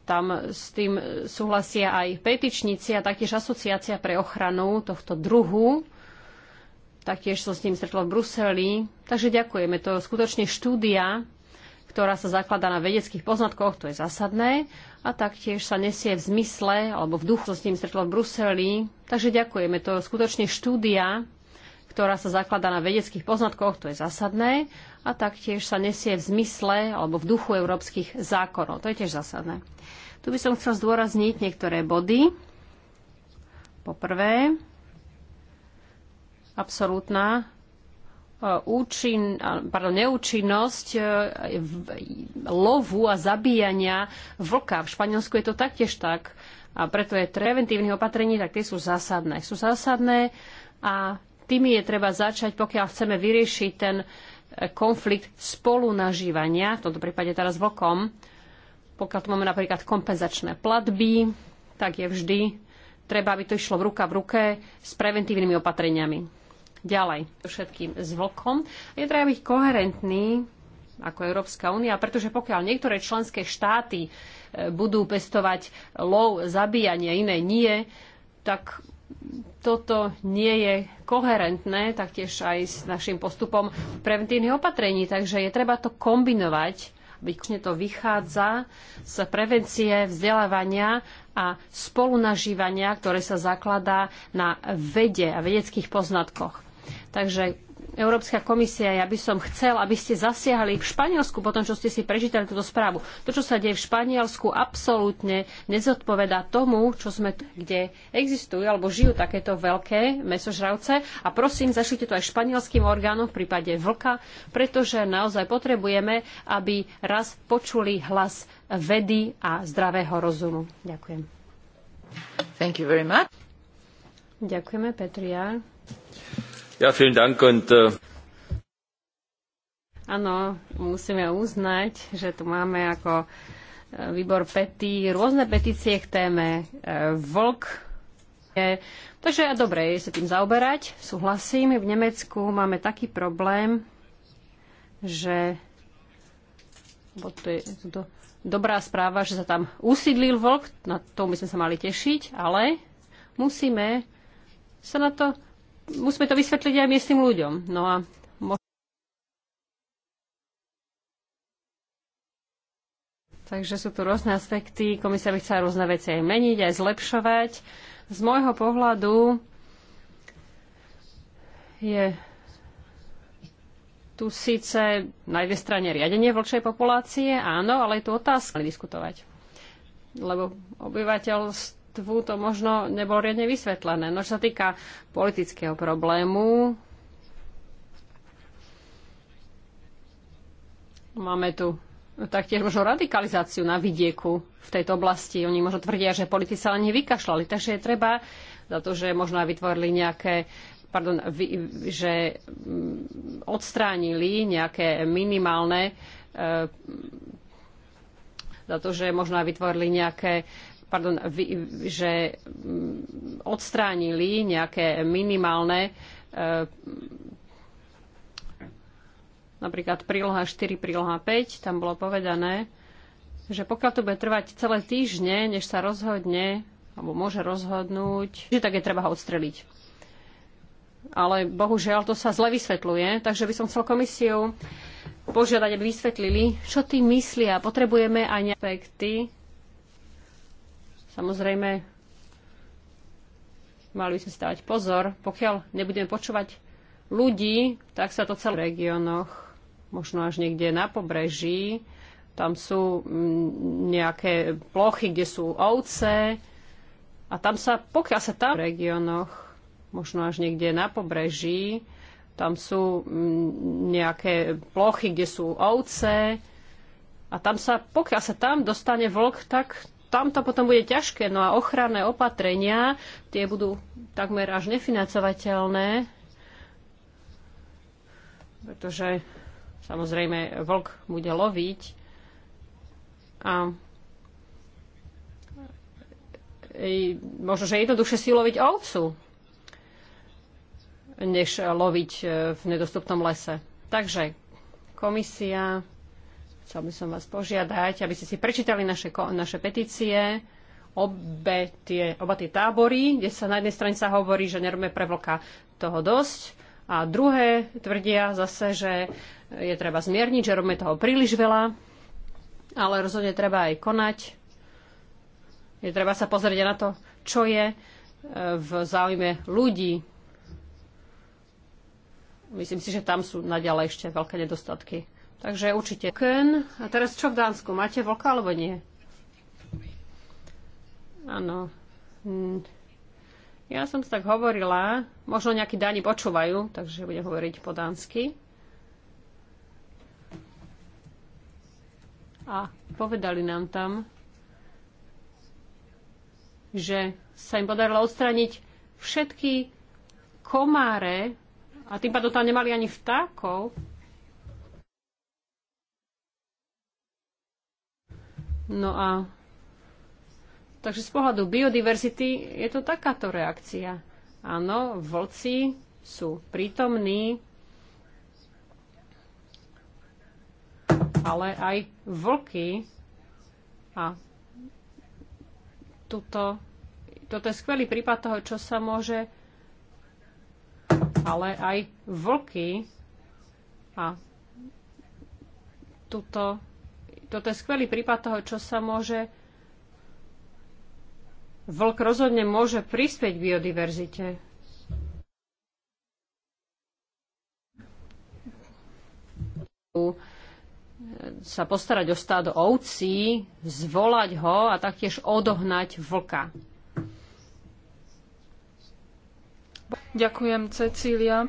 tam s tým súhlasia aj petičníci a taktiež asociácia pre ochranu tohto druhu. Taktiež som s ním stretla v Bruseli. Takže ďakujeme. To je skutočne štúdia, ktorá sa zakladá na vedeckých poznatkoch, to je zásadné, a taktiež sa nesie v zmysle alebo v duchu, som s ním stretla v Bruseli. Takže ďakujeme. To je skutočne štúdia, ktorá sa zakladá na vedeckých poznatkoch, to je zásadné, a taktiež sa nesie v zmysle alebo v duchu európskych zákonov. To je tiež zásadné. Tu by som chcel zdôrazniť niektoré body. Poprvé, absolútna e, účin, pardon, neúčinnosť e, lovu a zabíjania vlka. V Španielsku je to taktiež tak. A preto je preventívne opatrení, tak tie sú zásadné. Sú zásadné a tými je treba začať, pokiaľ chceme vyriešiť ten e, konflikt spolunažívania, v tomto prípade teraz vlkom. Pokiaľ tu máme napríklad kompenzačné platby, tak je vždy treba, aby to išlo v ruka v ruke s preventívnymi opatreniami ďalej všetkým s vlkom. Je treba byť koherentný ako Európska únia, pretože pokiaľ niektoré členské štáty e, budú pestovať lov, zabíjanie, iné nie, tak toto nie je koherentné, taktiež aj s našim postupom preventívnych opatrení. Takže je treba to kombinovať, aby to vychádza z prevencie, vzdelávania a spolunažívania, ktoré sa zakladá na vede a vedeckých poznatkoch. Takže Európska komisia, ja by som chcel, aby ste zasiahli v Španielsku po tom, čo ste si prečítali túto správu. To, čo sa deje v Španielsku, absolútne nezodpoveda tomu, čo sme tu, kde existujú alebo žijú takéto veľké mesožravce. A prosím, zašlite to aj španielským orgánom v prípade vlka, pretože naozaj potrebujeme, aby raz počuli hlas vedy a zdravého rozumu. Ďakujem. Thank you very much. Ďakujeme, Petria. Äh, Áno, musíme uznať, že tu máme ako e, výbor petí, rôzne petície k téme e, vlk. E, takže dobre, je sa tým zaoberať, súhlasím. V Nemecku máme taký problém, že bo to je dobrá správa, že sa tam usídlil vlk, na to by sme sa mali tešiť, ale musíme sa na to musíme to vysvetliť aj miestnym ľuďom. No a Takže sú tu rôzne aspekty, komisia by chcela rôzne veci aj meniť, aj zlepšovať. Z môjho pohľadu je tu síce na jednej strane riadenie vlčej populácie, áno, ale je tu otázka diskutovať. Lebo obyvateľstvo tvu to možno nebolo riadne vysvetlené. No čo sa týka politického problému, máme tu taktiež možno radikalizáciu na vidieku v tejto oblasti. Oni možno tvrdia, že politici sa na nich vykašľali, takže je treba za to, že možno aj vytvorili nejaké pardon, vy, že mm, odstránili nejaké minimálne e, za to, že možno aj vytvorili nejaké pardon, vy, že mm, odstránili nejaké minimálne e, napríklad príloha 4, príloha 5, tam bolo povedané, že pokiaľ to bude trvať celé týždne, než sa rozhodne, alebo môže rozhodnúť, že tak je treba ho odstreliť ale bohužiaľ to sa zle vysvetľuje, takže by som chcel komisiu požiadať, aby vysvetlili, čo tým myslia. Potrebujeme aj nejaké aspekty, Samozrejme, mali by sme stávať pozor. Pokiaľ nebudeme počúvať ľudí, tak sa to celé v regiónoch, možno až niekde na pobreží, tam sú mm, nejaké plochy, kde sú ovce a tam sa, pokiaľ sa tam v regiónoch, možno až niekde na pobreží, tam sú mm, nejaké plochy, kde sú ovce a tam sa, pokiaľ sa tam dostane vlk, tak tam to potom bude ťažké. No a ochranné opatrenia, tie budú takmer až nefinancovateľné, pretože samozrejme vlk bude loviť a možno, že jednoduchšie si loviť ovcu, než loviť e, v nedostupnom lese. Takže komisia Chcel by som vás požiadať, aby ste si prečítali naše, naše petície, obe tie, oba tie tábory, kde sa na jednej strane sa hovorí, že nerobíme pre vlka toho dosť, a druhé tvrdia zase, že je treba zmierniť, že robíme toho príliš veľa, ale rozhodne treba aj konať. Je treba sa pozrieť na to, čo je e, v záujme ľudí. Myslím si, že tam sú naďalej ešte veľké nedostatky. Takže určite Ken. A teraz čo v Dánsku? Máte vlka alebo nie? Áno. Hm. Ja som si tak hovorila, možno nejakí Dáni počúvajú, takže budem hovoriť po dánsky. A povedali nám tam, že sa im podarilo odstrániť všetky komáre a tým pádom tam nemali ani vtákov, No a takže z pohľadu biodiverzity je to takáto reakcia. Áno, vlci sú prítomní, ale aj vlky a tuto, toto je skvelý prípad toho, čo sa môže ale aj vlky a tuto toto je skvelý prípad toho, čo sa môže vlk rozhodne môže prispieť biodiverzite. sa postarať o stádo ovcí, zvolať ho a taktiež odohnať vlka. Ďakujem, Cecília.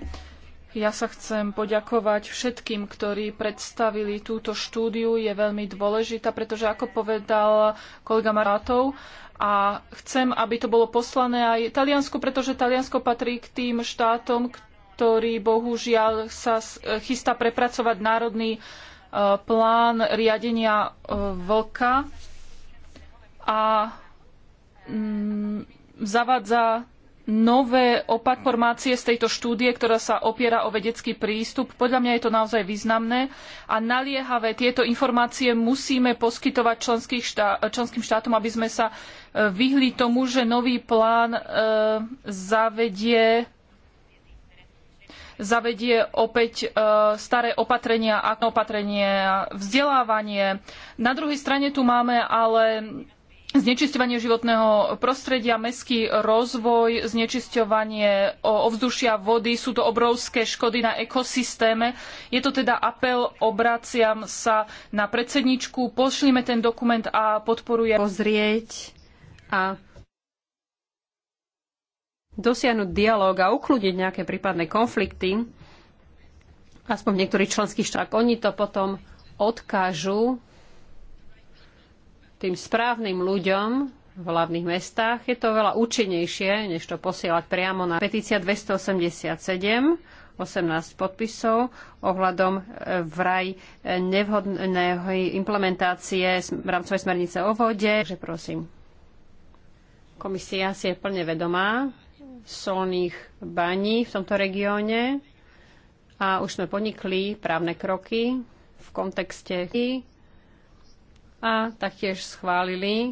Ja sa chcem poďakovať všetkým, ktorí predstavili túto štúdiu. Je veľmi dôležitá, pretože ako povedal kolega Maratov, a chcem, aby to bolo poslané aj Taliansku, pretože Taliansko patrí k tým štátom, ktorý bohužiaľ sa e, chystá prepracovať národný e, plán riadenia e, vlka a mm, zavádza nové opatformácie z tejto štúdie, ktorá sa opiera o vedecký prístup. Podľa mňa je to naozaj významné a naliehavé tieto informácie musíme poskytovať štá členským štátom, aby sme sa e, vyhli tomu, že nový plán e, zavedie zavedie opäť e, staré opatrenia, ako opatrenie, vzdelávanie. Na druhej strane tu máme ale znečisťovanie životného prostredia, mestský rozvoj, znečisťovanie ovzdušia vody, sú to obrovské škody na ekosystéme. Je to teda apel, obraciam sa na predsedničku, pošlime ten dokument a podporujem pozrieť a dosiahnuť dialóg a ukludiť nejaké prípadné konflikty, aspoň v niektorých členských štátoch. Oni to potom odkážu tým správnym ľuďom v hlavných mestách, je to veľa účinnejšie, než to posielať priamo na petícia 287, 18 podpisov ohľadom e, vraj e, nevhodnej implementácie rámcovej smernice o vode. Takže prosím. Komisia si je plne vedomá solných baní v tomto regióne a už sme ponikli právne kroky v kontekste a taktiež schválili e,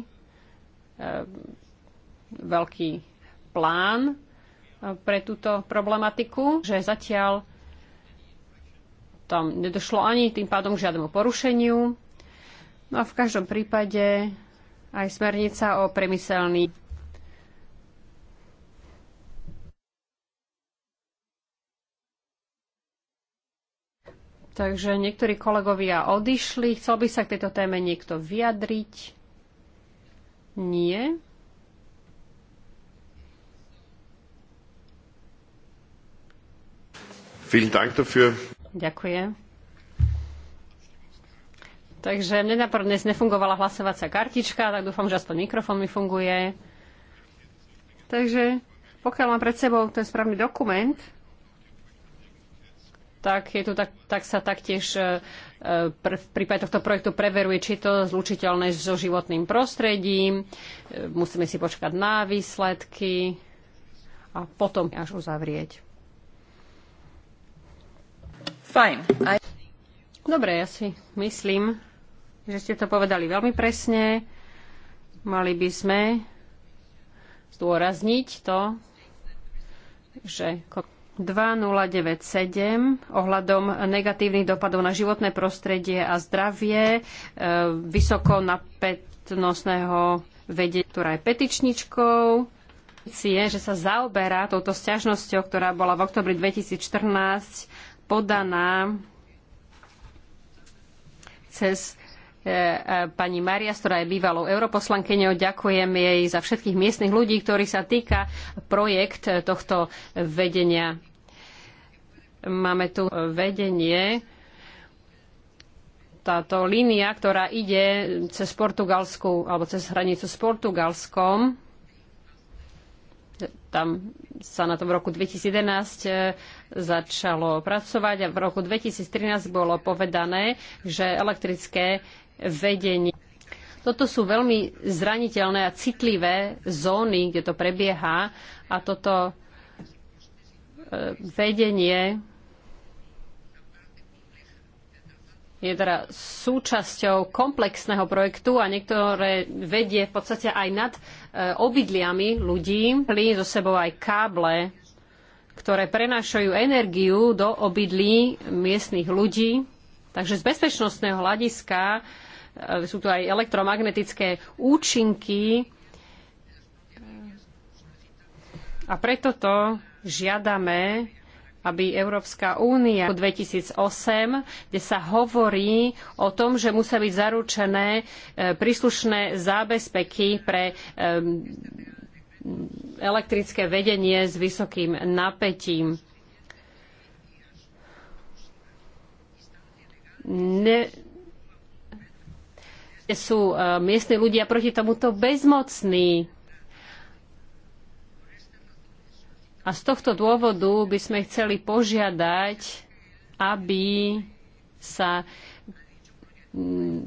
veľký plán e, pre túto problematiku, že zatiaľ tam nedošlo ani tým pádom k žiadnemu porušeniu. No a v každom prípade aj smernica o premyselných Takže niektorí kolegovia odišli. Chcel by sa k tejto téme niekto vyjadriť? Nie. Ďakujem. Takže mne napríklad dnes nefungovala hlasovacia kartička, tak dúfam, že aspoň mikrofón mi funguje. Takže pokiaľ mám pred sebou ten správny dokument, tak, je to tak, tak sa taktiež e, e, v prípade tohto projektu preveruje, či je to zlučiteľné so životným prostredím. E, musíme si počkať na výsledky a potom až uzavrieť. Fajn. I... Dobre, ja si myslím, že ste to povedali veľmi presne. Mali by sme zdôrazniť to, že 2097 ohľadom negatívnych dopadov na životné prostredie a zdravie e, vysoko napätnostného vedenia, ktorá je petičničkou. Je, že sa zaoberá touto sťažnosťou, ktorá bola v oktobri 2014 podaná cez E, e, pani Marias, ktorá je bývalou europoslankyňou. Ďakujem jej za všetkých miestnych ľudí, ktorých sa týka projekt tohto vedenia. Máme tu vedenie, táto línia, ktorá ide cez Portugalsku alebo cez hranicu s Portugalskom. Tam sa na tom v roku 2011 e, začalo pracovať a v roku 2013 bolo povedané, že elektrické vedení. Toto sú veľmi zraniteľné a citlivé zóny, kde to prebieha a toto e, vedenie je teda súčasťou komplexného projektu a niektoré vedie v podstate aj nad e, obydliami ľudí. Plí so sebou aj káble, ktoré prenášajú energiu do obydlí miestnych ľudí. Takže z bezpečnostného hľadiska sú tu aj elektromagnetické účinky. A preto to žiadame, aby Európska únia v 2008, kde sa hovorí o tom, že musia byť zaručené e, príslušné zábezpeky pre e, elektrické vedenie s vysokým napätím. Ne, sú e, miestni ľudia proti tomuto bezmocní. A z tohto dôvodu by sme chceli požiadať, aby sa mm,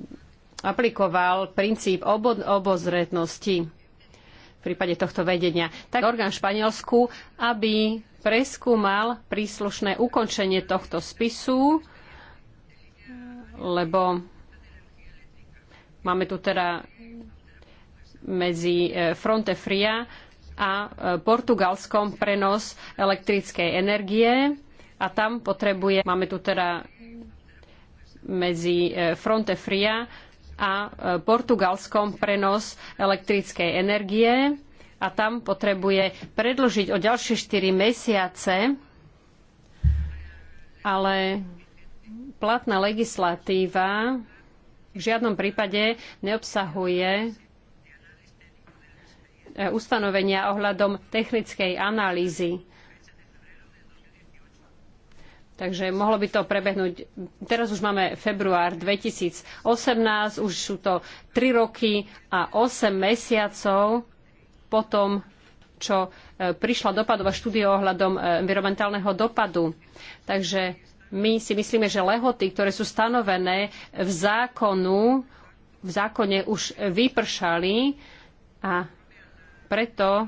aplikoval princíp obo- obozretnosti v prípade tohto vedenia. Tak orgán Španielsku, aby preskúmal príslušné ukončenie tohto spisu, lebo Máme tu teda medzi e, Fronte Fria a e, Portugalskom prenos elektrickej energie a tam potrebuje, máme tu teda medzi e, Fronte Fria a Portugalskom prenos elektrickej energie a tam potrebuje predložiť o ďalšie 4 mesiace, ale platná legislatíva v žiadnom prípade neobsahuje eh, ustanovenia ohľadom technickej analýzy. Takže mohlo by to prebehnúť. Teraz už máme február 2018, už sú to 3 roky a 8 mesiacov po tom, čo eh, prišla dopadová štúdia ohľadom eh, environmentálneho dopadu. Takže my si myslíme, že lehoty, ktoré sú stanovené v, zákonu, v zákone už vypršali a preto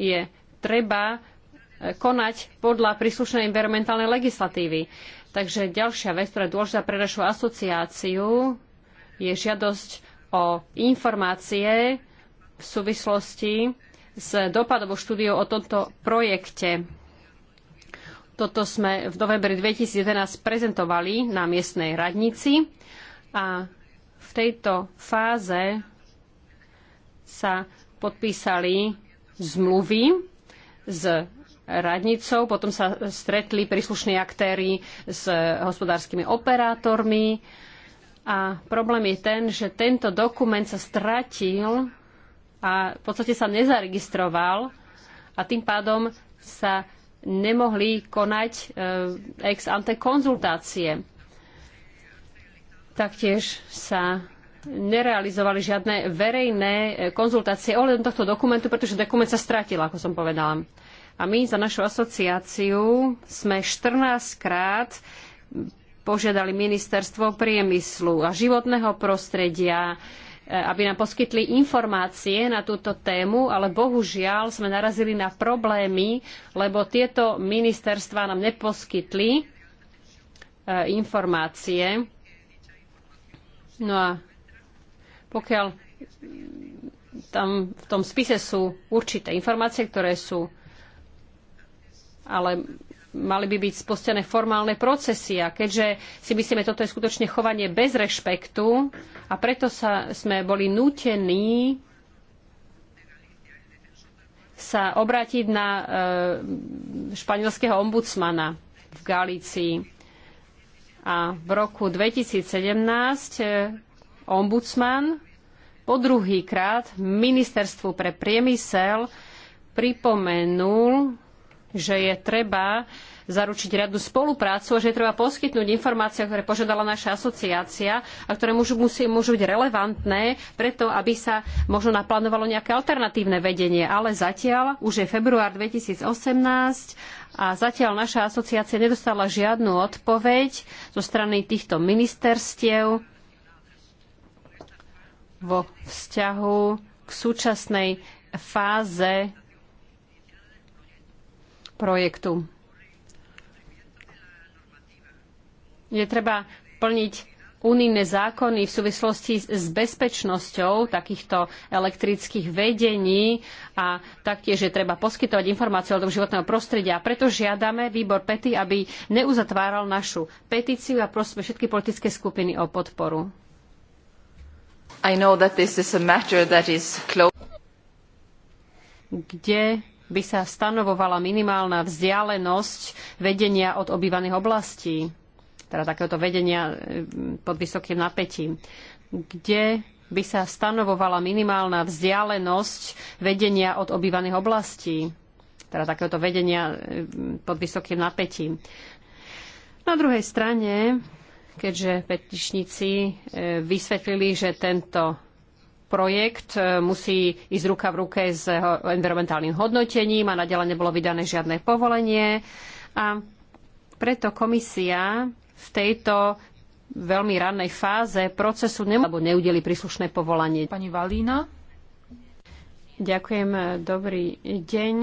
je treba eh, konať podľa príslušnej environmentálnej legislatívy. Takže ďalšia vec, ktorá je dôležitá pre našu asociáciu, je žiadosť o informácie v súvislosti s dopadovou štúdiou o tomto projekte. Toto sme v novembri 2011 prezentovali na miestnej radnici a v tejto fáze sa podpísali zmluvy s radnicou, potom sa stretli príslušní aktéry s hospodárskymi operátormi a problém je ten, že tento dokument sa stratil a v podstate sa nezaregistroval a tým pádom sa nemohli konať e, ex ante konzultácie. Taktiež sa nerealizovali žiadne verejné e, konzultácie ohľadom tohto dokumentu, pretože dokument sa stratil, ako som povedala. A my za našu asociáciu sme 14 krát požiadali ministerstvo priemyslu a životného prostredia, Eh, aby nám poskytli informácie na túto tému, ale bohužiaľ sme narazili na problémy, lebo tieto ministerstva nám neposkytli eh, informácie. No a pokiaľ tam v tom spise sú určité informácie, ktoré sú ale mali by byť spustené formálne procesy. A keďže si myslíme, toto je skutočne chovanie bez rešpektu a preto sa, sme boli nútení sa obrátiť na e, španielského ombudsmana v Galícii. A v roku 2017 e, ombudsman po druhýkrát ministerstvu pre priemysel pripomenul že je treba zaručiť riadnu spoluprácu a že je treba poskytnúť informácie, ktoré požiadala naša asociácia a ktoré môžu, musí, môžu byť relevantné preto, aby sa možno naplánovalo nejaké alternatívne vedenie. Ale zatiaľ už je február 2018 a zatiaľ naša asociácia nedostala žiadnu odpoveď zo strany týchto ministerstiev vo vzťahu k súčasnej fáze projektu. Je treba plniť unijné zákony v súvislosti s bezpečnosťou takýchto elektrických vedení a taktiež je treba poskytovať informácie o tom životného prostredia. A preto žiadame výbor PETI, aby neuzatváral našu petíciu a prosíme všetky politické skupiny o podporu. Kde by sa stanovovala minimálna vzdialenosť vedenia od obývaných oblastí, teda takéhoto vedenia e, pod vysokým napätím, kde by sa stanovovala minimálna vzdialenosť vedenia od obývaných oblastí, teda takéhoto vedenia e, pod vysokým napätím. Na druhej strane, keďže petičníci e, vysvetlili, že tento projekt e, musí ísť ruka v ruke s environmentálnym hodnotením a naďalej nebolo vydané žiadne povolenie. A preto komisia v tejto veľmi rannej fáze procesu nem- alebo neudeli príslušné povolanie. Pani Valína. Ďakujem, e, dobrý deň.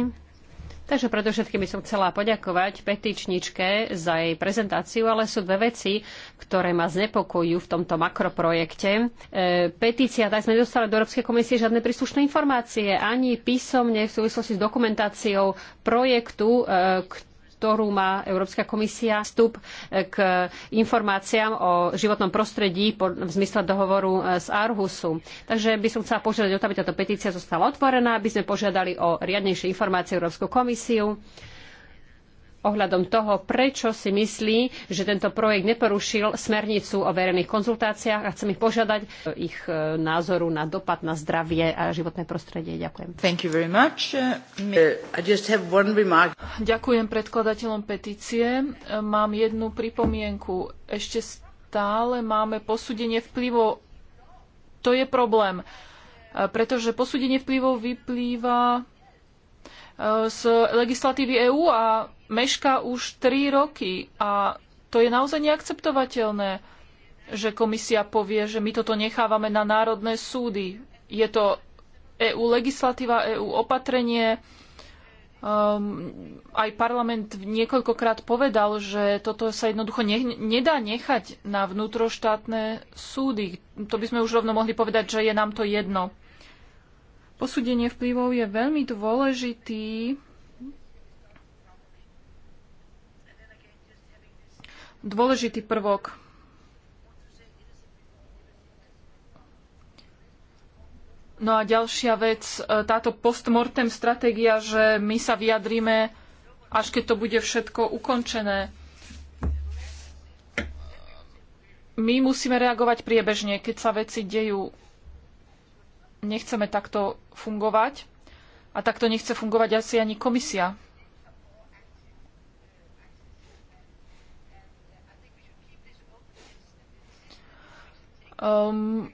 Takže predovšetkým by som chcela poďakovať petičničke za jej prezentáciu, ale sú dve veci, ktoré ma znepokojujú v tomto makroprojekte. E, petícia, tak sme nedostali do Európskej komisie žiadne príslušné informácie, ani písomne v súvislosti s dokumentáciou projektu, e, ktorú má Európska komisia vstup e, k informáciám o životnom prostredí v zmysle dohovoru z e, Arhusu. Takže by som chcela požiadať o to, aby táto petícia zostala otvorená, aby sme požiadali o riadnejšie informácie Európsku komisiu ohľadom toho, prečo si myslí, že tento projekt neporušil smernicu o verejných konzultáciách a chcem ich požiadať e, ich e, názoru na dopad na zdravie a životné prostredie. Ďakujem. Ďakujem predkladateľom petície. E, mám jednu pripomienku. Ešte stále máme posúdenie vplyvov. To je problém, pretože posúdenie vplyvov vyplýva z legislatívy EÚ a meška už 3 roky. A to je naozaj neakceptovateľné, že komisia povie, že my toto nechávame na národné súdy. Je to EÚ legislatíva, EÚ opatrenie. Um, aj parlament niekoľkokrát povedal, že toto sa jednoducho ne- nedá nechať na vnútroštátne súdy. To by sme už rovno mohli povedať, že je nám to jedno. Posúdenie vplyvov je veľmi dôležitý dôležitý prvok. No a ďalšia vec, e, táto postmortem stratégia, že my sa vyjadríme, až keď to bude všetko ukončené. My musíme reagovať priebežne, keď sa veci dejú nechceme takto fungovať a takto nechce fungovať asi ani komisia. Um,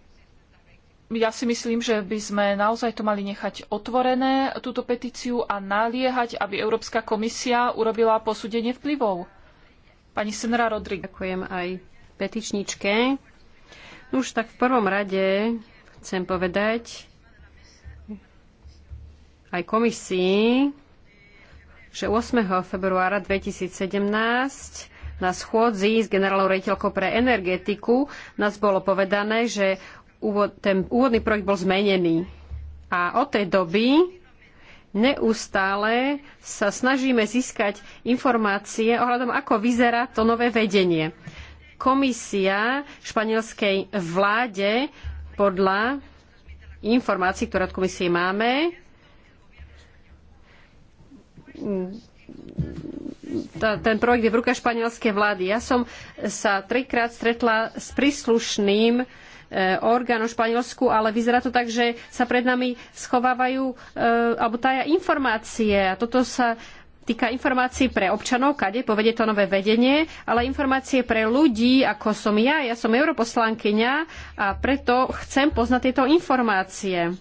ja si myslím, že by sme naozaj to mali nechať otvorené, túto petíciu, a naliehať, aby Európska komisia urobila posúdenie vplyvov. Pani Senra Rodrigo. Ďakujem aj petičničke. No už tak v prvom rade chcem povedať aj komisii, že 8. februára 2017 na schôdzi s generálnou rejiteľkou pre energetiku nás bolo povedané, že úvod, ten úvodný projekt bol zmenený. A od tej doby neustále sa snažíme získať informácie ohľadom, ako vyzerá to nové vedenie. Komisia španielskej vláde podľa informácií, ktoré od komisie máme, ten projekt je v rukách španielskej vlády. Ja som sa trikrát stretla s príslušným e, orgánom Španielsku, ale vyzerá to tak, že sa pred nami schovávajú e, alebo taja informácie. A toto sa týka informácií pre občanov, kade povedie to nové vedenie, ale informácie pre ľudí, ako som ja, ja som europoslankyňa a preto chcem poznať tieto informácie.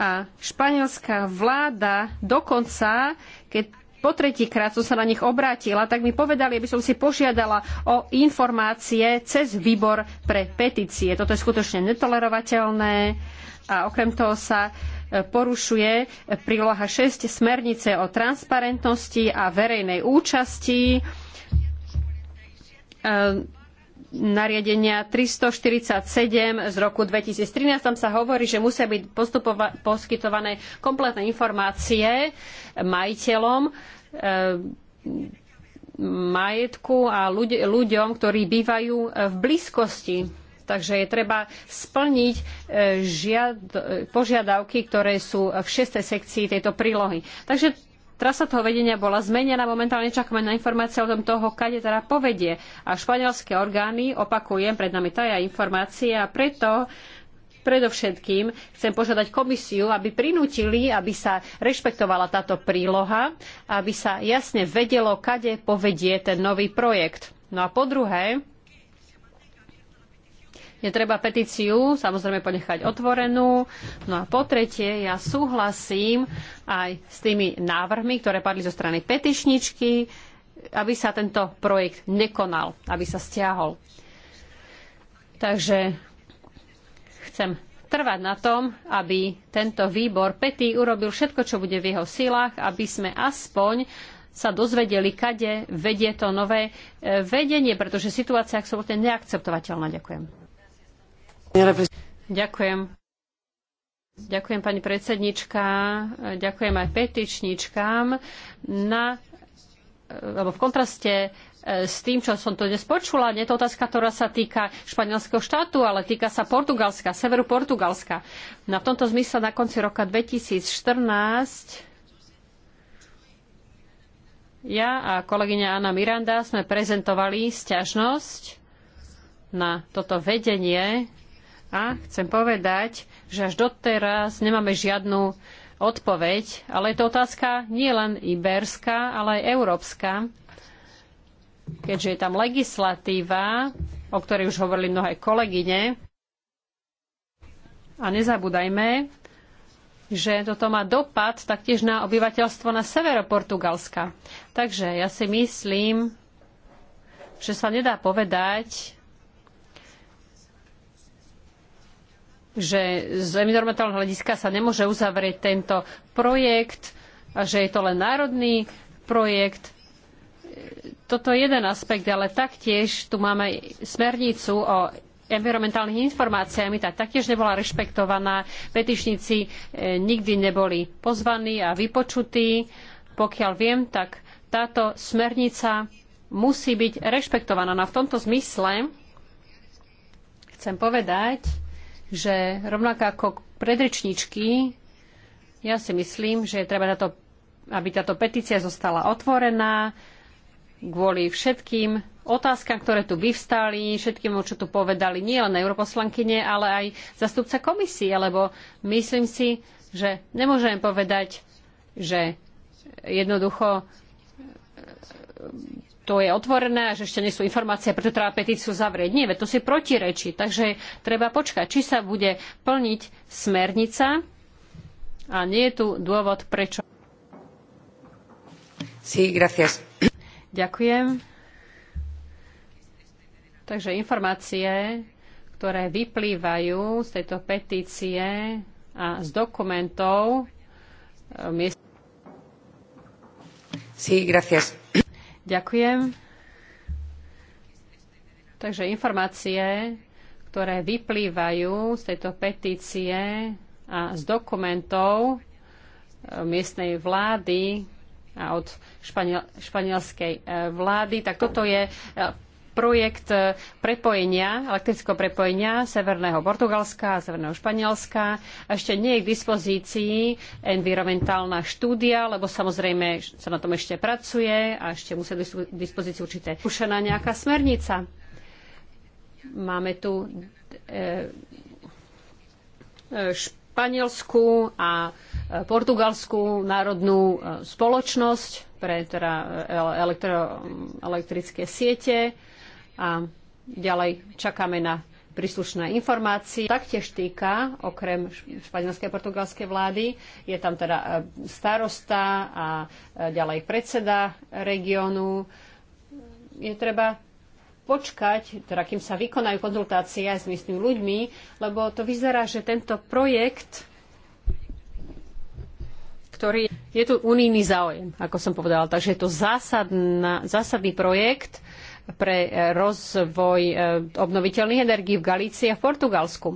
A španielská vláda dokonca, keď po tretíkrát som sa na nich obrátila, tak mi povedali, aby som si požiadala o informácie cez výbor pre petície. Toto je skutočne netolerovateľné a okrem toho sa porušuje príloha 6 smernice o transparentnosti a verejnej účasti e, nariadenia 347 z roku 2013. Tam sa hovorí, že musia byť poskytované kompletné informácie majiteľom e, majetku a ľuďom, ktorí bývajú v blízkosti Takže je treba splniť e, žiad, požiadavky, ktoré sú v šestej sekcii tejto prílohy. Takže trasa toho vedenia bola zmenená, momentálne čakáme na informácie o tom toho, kade teda povedie. A španielské orgány, opakujem, pred nami tá informácia. a preto Predovšetkým chcem požiadať komisiu, aby prinútili, aby sa rešpektovala táto príloha, aby sa jasne vedelo, kade povedie ten nový projekt. No a po druhé, je treba petíciu samozrejme ponechať otvorenú. No a po tretie, ja súhlasím aj s tými návrhmi, ktoré padli zo strany petičničky, aby sa tento projekt nekonal, aby sa stiahol. Takže chcem trvať na tom, aby tento výbor Petý urobil všetko, čo bude v jeho silách, aby sme aspoň sa dozvedeli, kade vedie to nové eh, vedenie, pretože situácia je absolútne neakceptovateľná. Ďakujem. Ďakujem. Ďakujem pani predsednička, ďakujem aj petičničkám. Na, alebo v kontraste e, s tým, čo som to dnes počula, nie je to otázka, ktorá sa týka španielského štátu, ale týka sa Portugalska, severu Portugalska. Na no tomto zmysle na konci roka 2014 ja a kolegyňa Anna Miranda sme prezentovali sťažnosť na toto vedenie a chcem povedať, že až doteraz nemáme žiadnu odpoveď, ale je to otázka nie len iberská, ale aj európska, keďže je tam legislatíva, o ktorej už hovorili mnohé kolegyne. A nezabúdajme, že toto má dopad taktiež na obyvateľstvo na severo Portugalska. Takže ja si myslím, že sa nedá povedať, že z environmentálneho hľadiska sa nemôže uzavrieť tento projekt a že je to len národný projekt. Toto je jeden aspekt, ale taktiež tu máme smernicu o environmentálnych informáciami, tá taktiež nebola rešpektovaná. Petičníci e, nikdy neboli pozvaní a vypočutí. Pokiaľ viem, tak táto smernica musí byť rešpektovaná. No a v tomto zmysle chcem povedať, že rovnako ako predrečničky, ja si myslím, že je treba to, aby táto petícia zostala otvorená kvôli všetkým otázkam, ktoré tu vyvstali, všetkým, čo tu povedali nie len europoslankyne, ale aj zastupca komisie, lebo myslím si, že nemôžem povedať, že jednoducho to je otvorené a že ešte nie sú informácie, preto treba petíciu zavrieť. Nie, veď to si protirečí, takže treba počkať, či sa bude plniť smernica a nie je tu dôvod, prečo. Sí, gracias. Ďakujem. Takže informácie, ktoré vyplývajú z tejto petície a z dokumentov. Eh, sí, gracias. Ďakujem. Takže informácie, ktoré vyplývajú z tejto petície a z dokumentov eh, miestnej vlády a od španiel, španielskej eh, vlády, tak toto je eh, projekt e, prepojenia, elektrického prepojenia Severného Portugalska a Severného Španielska. Ešte nie je k dispozícii environmentálna štúdia, lebo samozrejme sa na tom ešte pracuje a ešte musia k dispozícii určité ušená nejaká smernica. Máme tu e, e španielskú a e, portugalskú národnú spoločnosť pre teda elektro, elektrické siete a ďalej čakáme na príslušné informácie. Taktiež týka, okrem španielskej a portugalskej vlády, je tam teda e, starosta a e, ďalej predseda regiónu. Je treba počkať, teda kým sa vykonajú konzultácie aj s miestnymi ľuďmi, lebo to vyzerá, že tento projekt, ktorý je tu unijný záujem, ako som povedala, takže je to zásadná, zásadný projekt, pre e, rozvoj e, obnoviteľných energií v Galícii a v Portugalsku.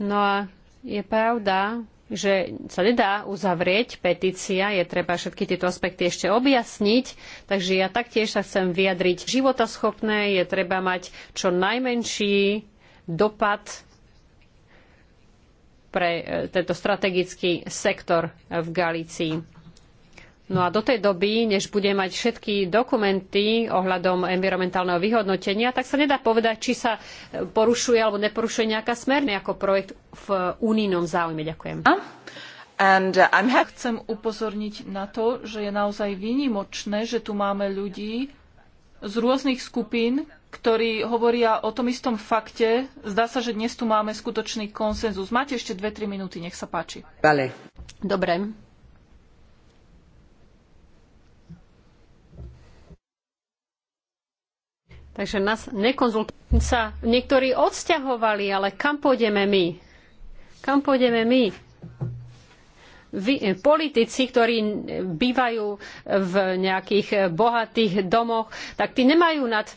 No a je pravda, že sa nedá uzavrieť petícia, je treba všetky tieto aspekty ešte objasniť, takže ja taktiež sa chcem vyjadriť životaschopné, je treba mať čo najmenší dopad pre e, tento strategický sektor v Galícii. No a do tej doby, než bude mať všetky dokumenty ohľadom environmentálneho vyhodnotenia, tak sa nedá povedať, či sa e, porušuje alebo neporušuje nejaká smerne ako projekt v unijnom záujme. Ďakujem. And uh, Chcem upozorniť na to, že je naozaj výnimočné, že tu máme ľudí z rôznych skupín, ktorí hovoria o tom istom fakte. Zdá sa, že dnes tu máme skutočný konsenzus. Máte ešte 2-3 minúty, nech sa páči. Vale. Dobre. Takže nás nekonzultujú sa. Niektorí odsťahovali, ale kam pôjdeme my? Kam pôjdeme my? Vy, eh, politici, ktorí eh, bývajú eh, v nejakých bohatých domoch, tak tí nemajú nad,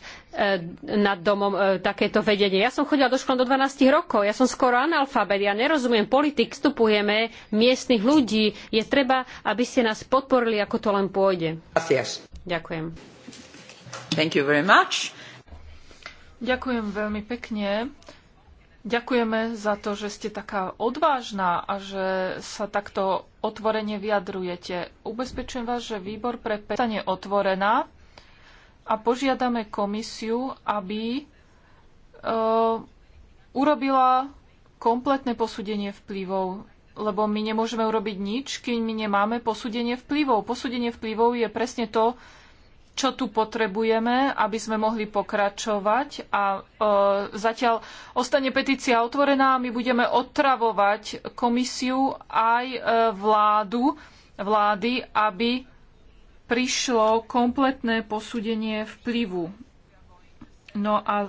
nad domom takéto vedenie. Ja som chodila do školy do 12 rokov, ja som skoro analfabet, ja nerozumiem politik, vstupujeme miestnych ľudí. Je treba, aby ste nás podporili, ako to len pôjde. Ďakujem. Thank you very much. Ďakujem veľmi pekne. Ďakujeme za to, že ste taká odvážna a že sa takto otvorene vyjadrujete. Ubezpečujem vás, že výbor pre pestanie otvorená a požiadame komisiu, aby e, urobila kompletné posúdenie vplyvov, lebo my nemôžeme urobiť nič, kým my nemáme posúdenie vplyvov. Posúdenie vplyvov je presne to, čo tu potrebujeme, aby sme mohli pokračovať. A e, zatiaľ ostane petícia otvorená a my budeme otravovať komisiu aj e, vládu, vlády, aby prišlo kompletné posúdenie vplyvu. No a e,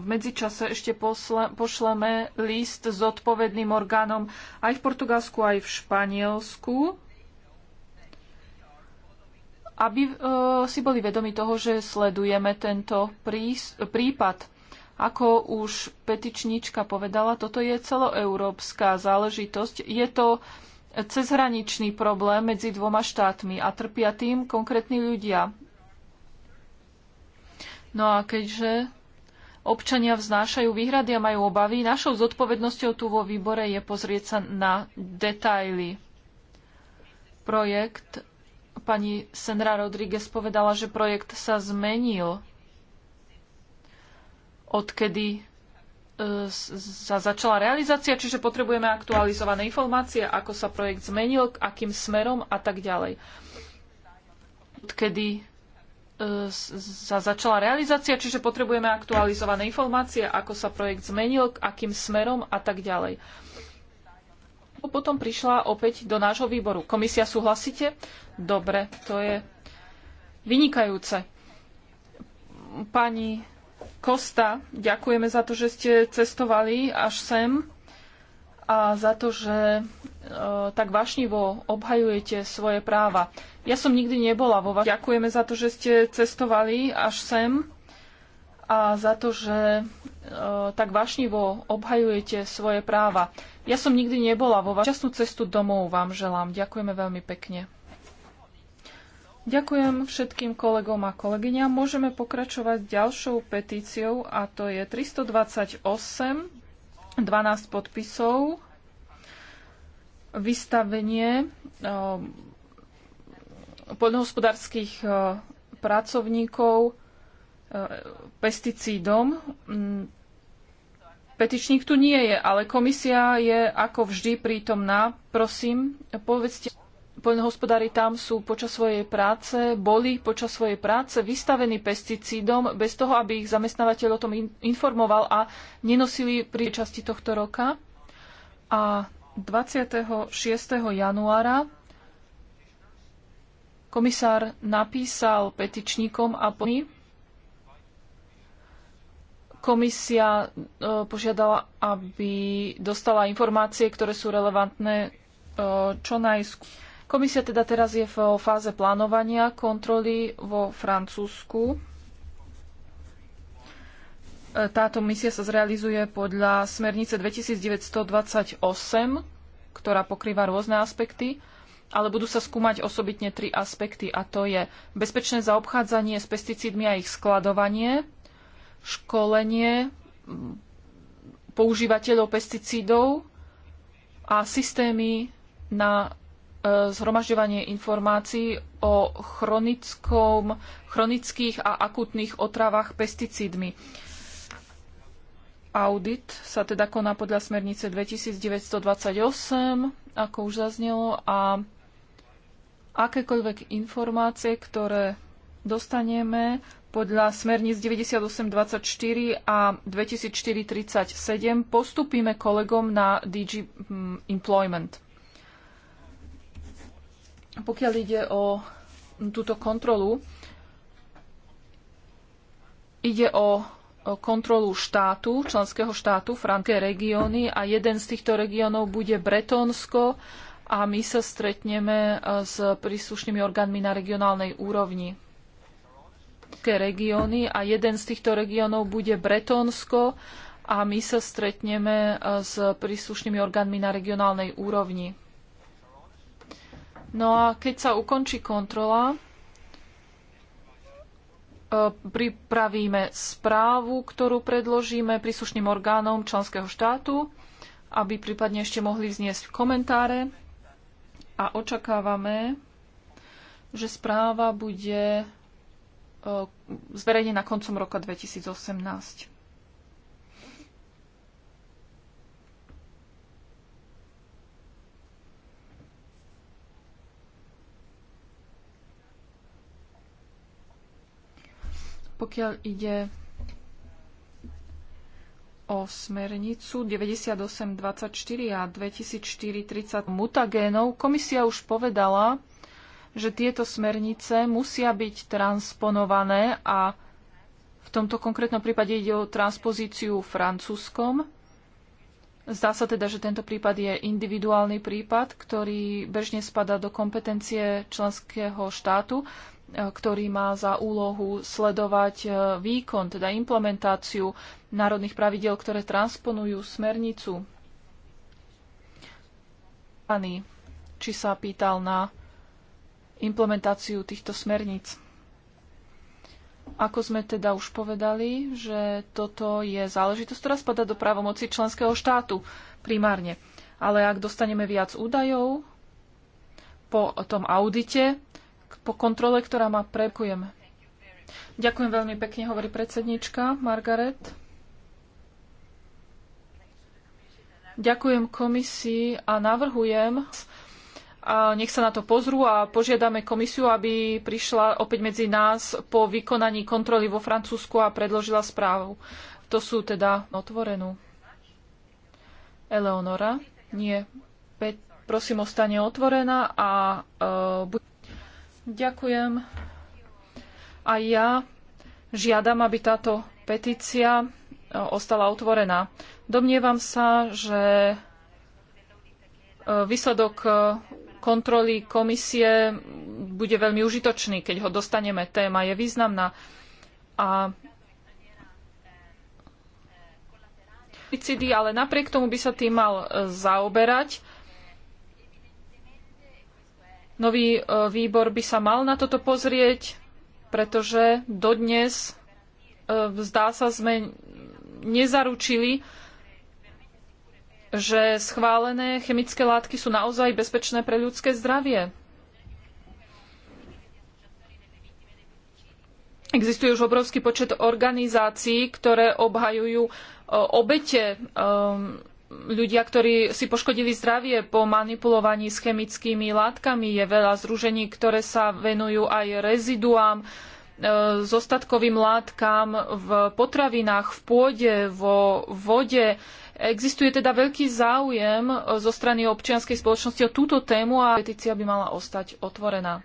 v medzičase ešte posle, pošleme list s odpovedným orgánom aj v Portugalsku, aj v Španielsku aby e, si boli vedomi toho, že sledujeme tento prípad. Ako už petičníčka povedala, toto je celoeurópska záležitosť. Je to cezhraničný problém medzi dvoma štátmi a trpia tým konkrétni ľudia. No a keďže občania vznášajú výhrady a majú obavy, našou zodpovednosťou tu vo výbore je pozrieť sa na detaily. Projekt Pani Senra Rodriguez povedala, že projekt sa zmenil, odkedy e, sa začala realizácia, čiže potrebujeme aktualizované informácie, ako sa projekt zmenil, akým smerom a tak ďalej. Odkedy e, sa začala realizácia, čiže potrebujeme aktualizované informácie, ako sa projekt zmenil, akým smerom a tak ďalej potom prišla opäť do nášho výboru. Komisia súhlasíte? Dobre, to je vynikajúce. Pani Kosta, ďakujeme za to, že ste cestovali až sem a za to, že e, tak vášnivo obhajujete svoje práva. Ja som nikdy nebola vo vás. Ďakujeme za to, že ste cestovali až sem a za to, že e, tak vášnivo obhajujete svoje práva. Ja som nikdy nebola vo vás. Časnú cestu domov vám želám. Ďakujeme veľmi pekne. Ďakujem všetkým kolegom a kolegyňam. Môžeme pokračovať ďalšou petíciou a to je 328, 12 podpisov, vystavenie um, uh, pracovníkov uh, pesticídom. Um, Petičník tu nie je, ale komisia je ako vždy prítomná. Prosím, povedzte, poľnohospodári tam sú počas svojej práce, boli počas svojej práce vystavení pesticídom bez toho, aby ich zamestnávateľ o tom informoval a nenosili pri časti tohto roka. A 26. januára komisár napísal petičníkom a po Komisia e, požiadala, aby dostala informácie, ktoré sú relevantné e, čo najskôr. Komisia teda teraz je v fáze plánovania kontroly vo Francúzsku. E, táto misia sa zrealizuje podľa smernice 2928, ktorá pokrýva rôzne aspekty, ale budú sa skúmať osobitne tri aspekty, a to je bezpečné zaobchádzanie s pesticídmi a ich skladovanie, školenie mm, používateľov pesticídov a systémy na e, zhromažďovanie informácií o chronických a akutných otravách pesticídmi. Audit sa teda koná podľa smernice 2928, ako už zaznelo, a akékoľvek informácie, ktoré dostaneme, podľa smerníc 9824 a 2004.37 postupíme kolegom na DG mm, Employment. Pokiaľ ide o túto kontrolu, ide o kontrolu štátu, členského štátu, franské regióny a jeden z týchto regiónov bude Bretónsko a my sa stretneme e, s príslušnými orgánmi na regionálnej úrovni regióny a jeden z týchto regiónov bude Bretónsko a my sa stretneme e, s príslušnými orgánmi na regionálnej úrovni. No a keď sa ukončí kontrola, e, pripravíme správu, ktorú predložíme príslušným orgánom členského štátu, aby prípadne ešte mohli vzniesť komentáre a očakávame, že správa bude E, zverejnená koncom roka 2018. Pokiaľ ide o smernicu 9824 a 2430 mutagénov, komisia už povedala, že tieto smernice musia byť transponované a v tomto konkrétnom prípade ide o transpozíciu francúzskom. Zdá sa teda, že tento prípad je individuálny prípad, ktorý bežne spada do kompetencie členského štátu, e, ktorý má za úlohu sledovať e, výkon, teda implementáciu národných pravidel, ktoré transponujú smernicu. Pani, či sa pýtal na implementáciu týchto smerníc. Ako sme teda už povedali, že toto je záležitosť, ktorá spada do právomoci členského štátu primárne. Ale ak dostaneme viac údajov po tom audite, po kontrole, ktorá má prekujem. Ďakujem veľmi pekne, hovorí predsednička Margaret. Ďakujem komisii a navrhujem a nech sa na to pozrú a požiadame komisiu, aby prišla opäť medzi nás po vykonaní kontroly vo Francúzsku a predložila správu. To sú teda otvorenú. Eleonora? Nie. Pe- prosím, ostane otvorená a uh, bu- ďakujem. A ja žiadam, aby táto petícia uh, ostala otvorená. Domnievam sa, že e, výsledok kontroly komisie bude veľmi užitočný, keď ho dostaneme. Téma je významná. A ale napriek tomu by sa tým mal e, zaoberať. Nový e, výbor by sa mal na toto pozrieť, pretože dodnes e, zdá sa sme nezaručili že schválené chemické látky sú naozaj bezpečné pre ľudské zdravie. Existuje už obrovský počet organizácií, ktoré obhajujú e, obete e, ľudia, ktorí si poškodili zdravie po manipulovaní s chemickými látkami. Je veľa združení, ktoré sa venujú aj reziduám, zostatkovým e, látkam v potravinách, v pôde, vo vode, Existuje teda veľký záujem e, zo strany občianskej spoločnosti o túto tému a petícia by mala ostať otvorená.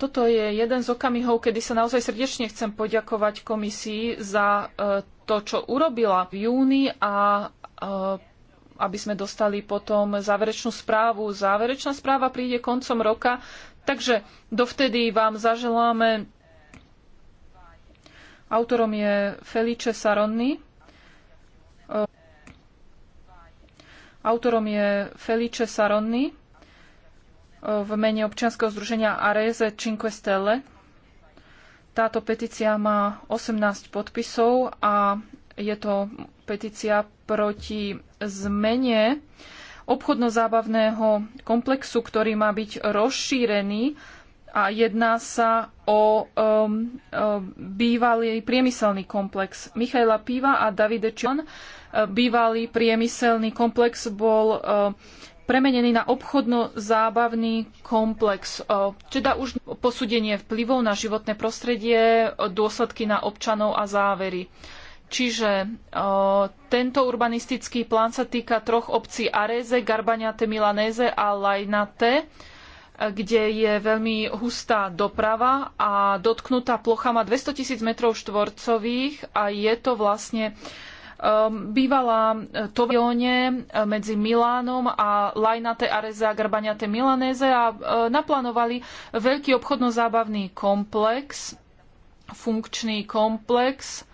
Toto je jeden z okamihov, kedy sa naozaj srdečne chcem poďakovať komisii za e, to, čo urobila v júni a e, aby sme dostali potom záverečnú správu. Záverečná správa príde koncom roka, takže dovtedy vám zaželáme Autorom je Felice Saronni. Autorom je Felice Saronni v mene občianskeho združenia Areze Cinque Stelle. Táto petícia má 18 podpisov a je to petícia proti zmene obchodno-zábavného komplexu, ktorý má byť rozšírený a jedná sa o um, um, bývalý priemyselný komplex. Michaela Píva a Davide Čon, uh, bývalý priemyselný komplex bol um, premenený na obchodno-zábavný komplex, uh, teda už posúdenie vplyvov na životné prostredie, dôsledky na občanov a závery. Čiže o, tento urbanistický plán sa týka troch obcí Areze, Garbaňate, milanese a Lajnate kde je veľmi hustá doprava a dotknutá plocha má 200 tisíc metrov štvorcových a je to vlastne um, bývala e, tovione e, medzi Milánom a Lajnate Areze a Garbaniate Milanéze a e, naplánovali veľký obchodno-zábavný komplex, funkčný komplex.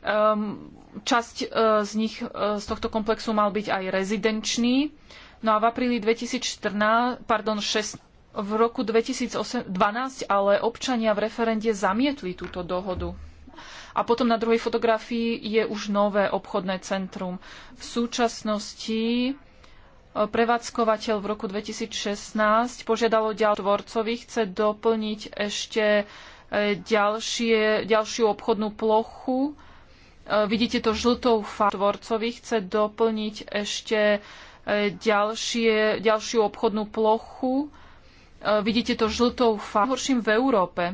Um, časť z nich z tohto komplexu mal byť aj rezidenčný No a v apríli 2014, pardon, 6, v roku 2012 ale občania v referende zamietli túto dohodu. A potom na druhej fotografii je už nové obchodné centrum. V súčasnosti e, prevádzkovateľ v roku 2016 požiadalo ďal tvorcovi, chce doplniť ešte e, ďalšie, ďalšiu obchodnú plochu. E, vidíte to žltou farbou. Tvorcovi chce doplniť ešte E, ďalšie, ďalšiu obchodnú plochu. E, vidíte to žltou farbou, horším v Európe.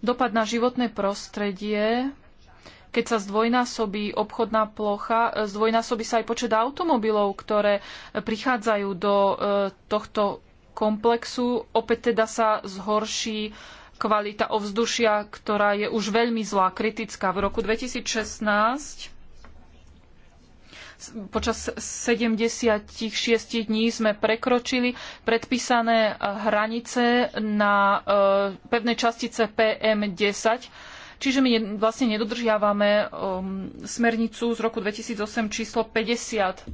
Dopad na životné prostredie. Keď sa zdvojnásobí obchodná plocha, e, zdvojnásobí sa aj počet automobilov, ktoré prichádzajú do tohto komplexu. Opäť teda sa zhorší kvalita ovzdušia, ktorá je už veľmi zlá, kritická. V roku 2016 Počas 76 dní sme prekročili predpísané eh, hranice na eh, pevnej častice PM10. Čiže my vlastne nedodržiavame ehm, smernicu z roku 2008 číslo 50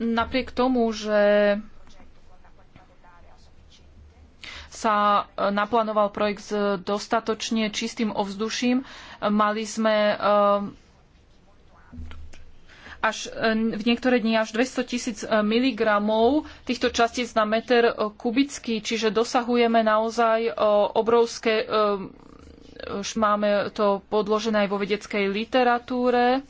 napriek tomu, že sa eh, naplánoval projekt s dostatočne čistým ovzduším, Mali sme eh, až eh, v niektoré dni až 200 tisíc eh, miligramov týchto častíc na meter kubický, čiže dosahujeme naozaj obrovské, už máme to podložené aj vo vedeckej literatúre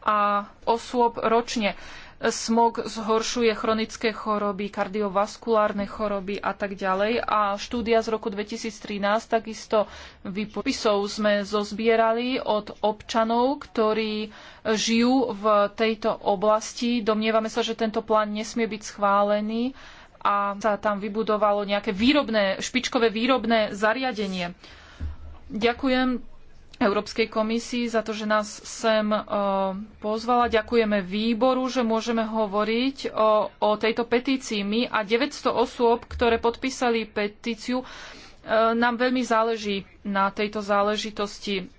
a osôb ročne. Smog zhoršuje chronické choroby, kardiovaskulárne choroby a tak ďalej. A štúdia z roku 2013 takisto výpisov sme zozbierali od občanov, ktorí žijú v tejto oblasti. Domnievame sa, že tento plán nesmie byť schválený a sa tam vybudovalo nejaké výrobné, špičkové výrobné zariadenie. Ďakujem Európskej komisii za to, že nás sem e, pozvala. Ďakujeme výboru, že môžeme hovoriť o, o tejto petícii. My a 900 osôb, ktoré podpísali petíciu, e, nám veľmi záleží na tejto záležitosti.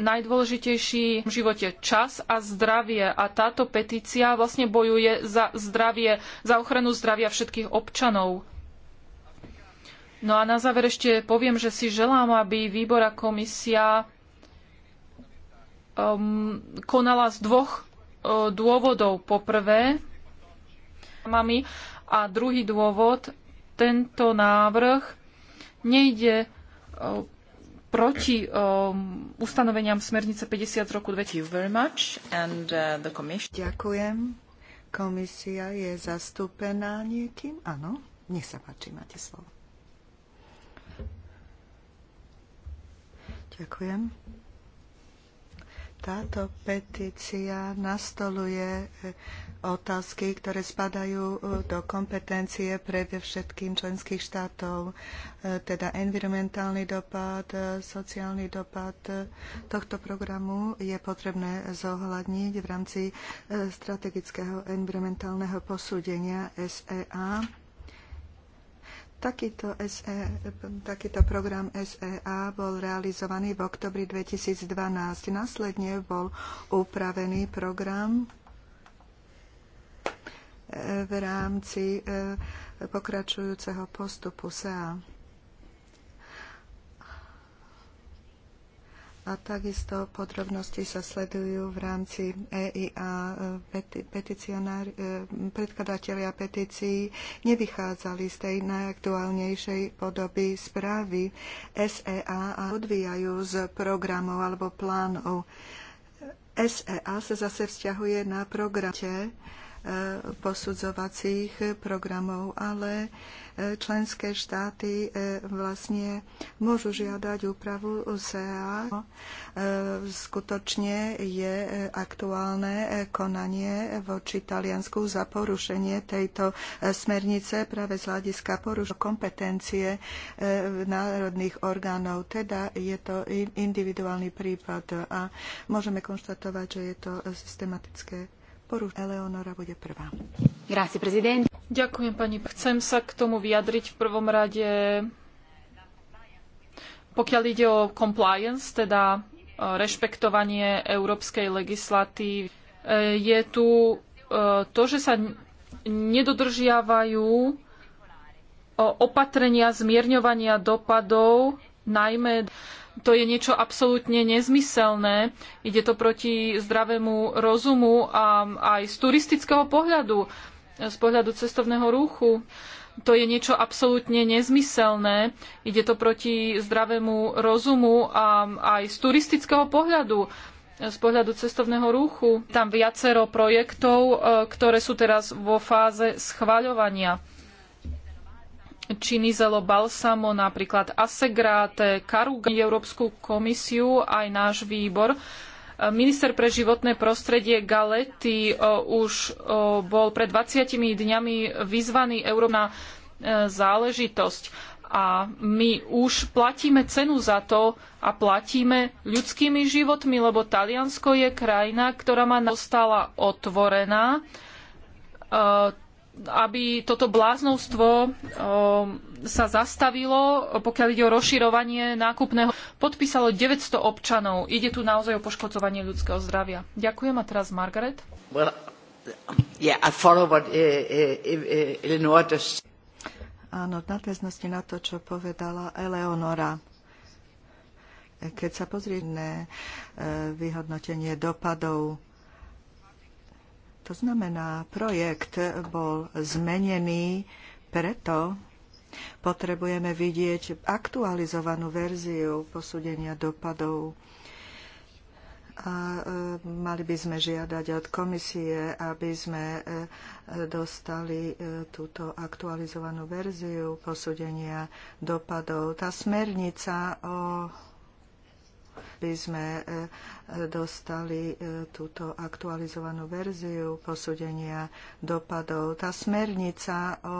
Najdôležitejší v živote čas a zdravie. A táto petícia vlastne bojuje za zdravie, za ochranu zdravia všetkých občanov No a na záver ešte poviem, že si želám, aby výbor a komisia um, konala z dvoch uh, dôvodov. Poprvé, mami, a druhý dôvod, tento návrh nejde uh, proti um, ustanoveniam smernice 50 roku 2000. Uh, Ďakujem. Komisia je zastúpená niekým? Áno, nech sa páči, máte slovo. Ďakujem. Táto petícia nastoluje e, otázky, ktoré spadajú e, do kompetencie predovšetkým členských štátov, e, teda environmentálny dopad, sociálny dopad tohto programu je potrebné zohľadniť v rámci strategického environmentálneho posúdenia SEA Takýto, SE, takýto program SEA bol realizovaný v oktobri 2012. Následne bol upravený program e, v rámci e, pokračujúceho postupu SEA. a takisto podrobnosti sa sledujú v rámci EIA. E, e, predkladatelia petícií nevychádzali z tej najaktuálnejšej podoby správy SEA a odvíjajú z programov alebo plánov. SEA sa zase vzťahuje na programe e, posudzovacích programov, ale členské štáty e, vlastne môžu žiadať úpravu SEA. E, skutočne je e, aktuálne konanie voči Taliansku za porušenie tejto smernice práve z hľadiska porušenia kompetencie národných orgánov. Teda je to individuálny prípad a môžeme konštatovať, že je to systematické podporu Eleonora bude prvá. Grazie, prezident. Ďakujem, pani. Chcem sa k tomu vyjadriť v prvom rade, pokiaľ ide o compliance, teda e, rešpektovanie európskej legislatívy. E, je tu e, to, že sa nedodržiavajú opatrenia zmierňovania dopadov, najmä to je niečo absolútne nezmyselné. Ide to proti zdravému rozumu a aj z turistického pohľadu, z pohľadu cestovného ruchu. To je niečo absolútne nezmyselné. Ide to proti zdravému rozumu a aj z turistického pohľadu, z pohľadu cestovného ruchu. Tam viacero projektov, e, ktoré sú teraz vo fáze schvaľovania. Činizelo Balsamo, napríklad Asegrate, Karuga, Európsku komisiu, aj náš výbor. Minister pre životné prostredie Galetti e, už e, bol pred 20 dňami vyzvaný Euró na e, záležitosť. A my už platíme cenu za to a platíme ľudskými životmi, lebo Taliansko je krajina, ktorá ma dostala otvorená aby toto bláznovstvo ehm, sa zastavilo, pokiaľ ide o rozširovanie nákupného. Podpísalo 900 občanov. Ide tu naozaj o poškodzovanie ľudského zdravia. Ďakujem a teraz Margaret. Well, yeah, uh, uh, Áno, v nadväznosti na to, čo povedala Eleonora. Keď sa pozrieme na vyhodnotenie dopadov to znamená, projekt bol zmenený, preto potrebujeme vidieť aktualizovanú verziu posúdenia dopadov a e, mali by sme žiadať od komisie, aby sme e, dostali e, túto aktualizovanú verziu posúdenia dopadov. Tá smernica o by sme e, dostali e, túto aktualizovanú verziu posúdenia dopadov. Tá smernica o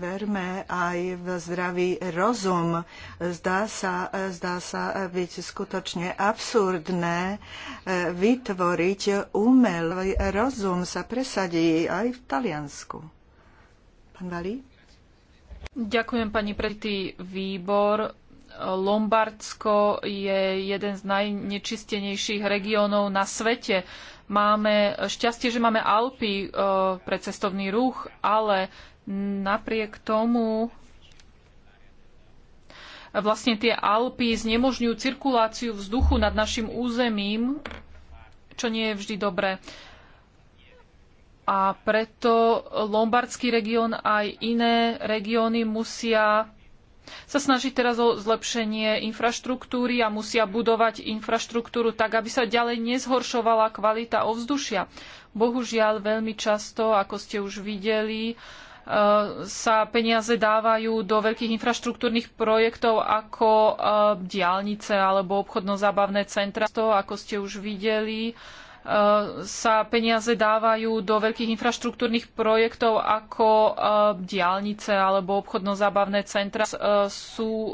verme aj v zdravý rozum. Zdá sa, zdá sa byť skutočne absurdné e, vytvoriť umelý rozum sa presadí aj v Taliansku. Pán Valí? Ďakujem pani Pretty výbor. Lombardsko je jeden z najnečistenejších regiónov na svete. Máme šťastie, že máme Alpy e, pre cestovný ruch, ale napriek tomu vlastne tie Alpy znemožňujú cirkuláciu vzduchu nad našim územím, čo nie je vždy dobré a preto Lombardský región aj iné regióny musia sa snažiť teraz o zlepšenie infraštruktúry a musia budovať infraštruktúru tak, aby sa ďalej nezhoršovala kvalita ovzdušia. Bohužiaľ, veľmi často, ako ste už videli, e, sa peniaze dávajú do veľkých infraštruktúrnych projektov ako e, diálnice alebo obchodno-zábavné centra. To, ako ste už videli, Eh, sa peniaze dávajú do veľkých infraštruktúrnych projektov ako eh, diálnice alebo obchodno-zábavné centra. Eh, sú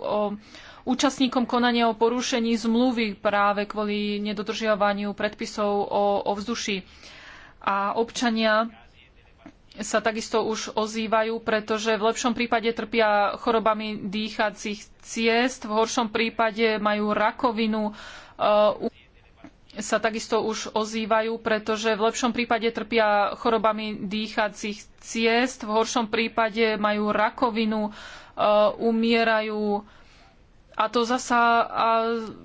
účastníkom konania o porušení zmluvy práve kvôli nedodržiavaniu predpisov o ovzduší. A občania sa takisto už ozývajú, pretože v lepšom prípade trpia chorobami dýchacích ciest, v horšom prípade majú rakovinu, u sa takisto už ozývajú, pretože v lepšom prípade trpia chorobami dýchacích ciest, v horšom prípade majú rakovinu, e, umierajú. A to zasa a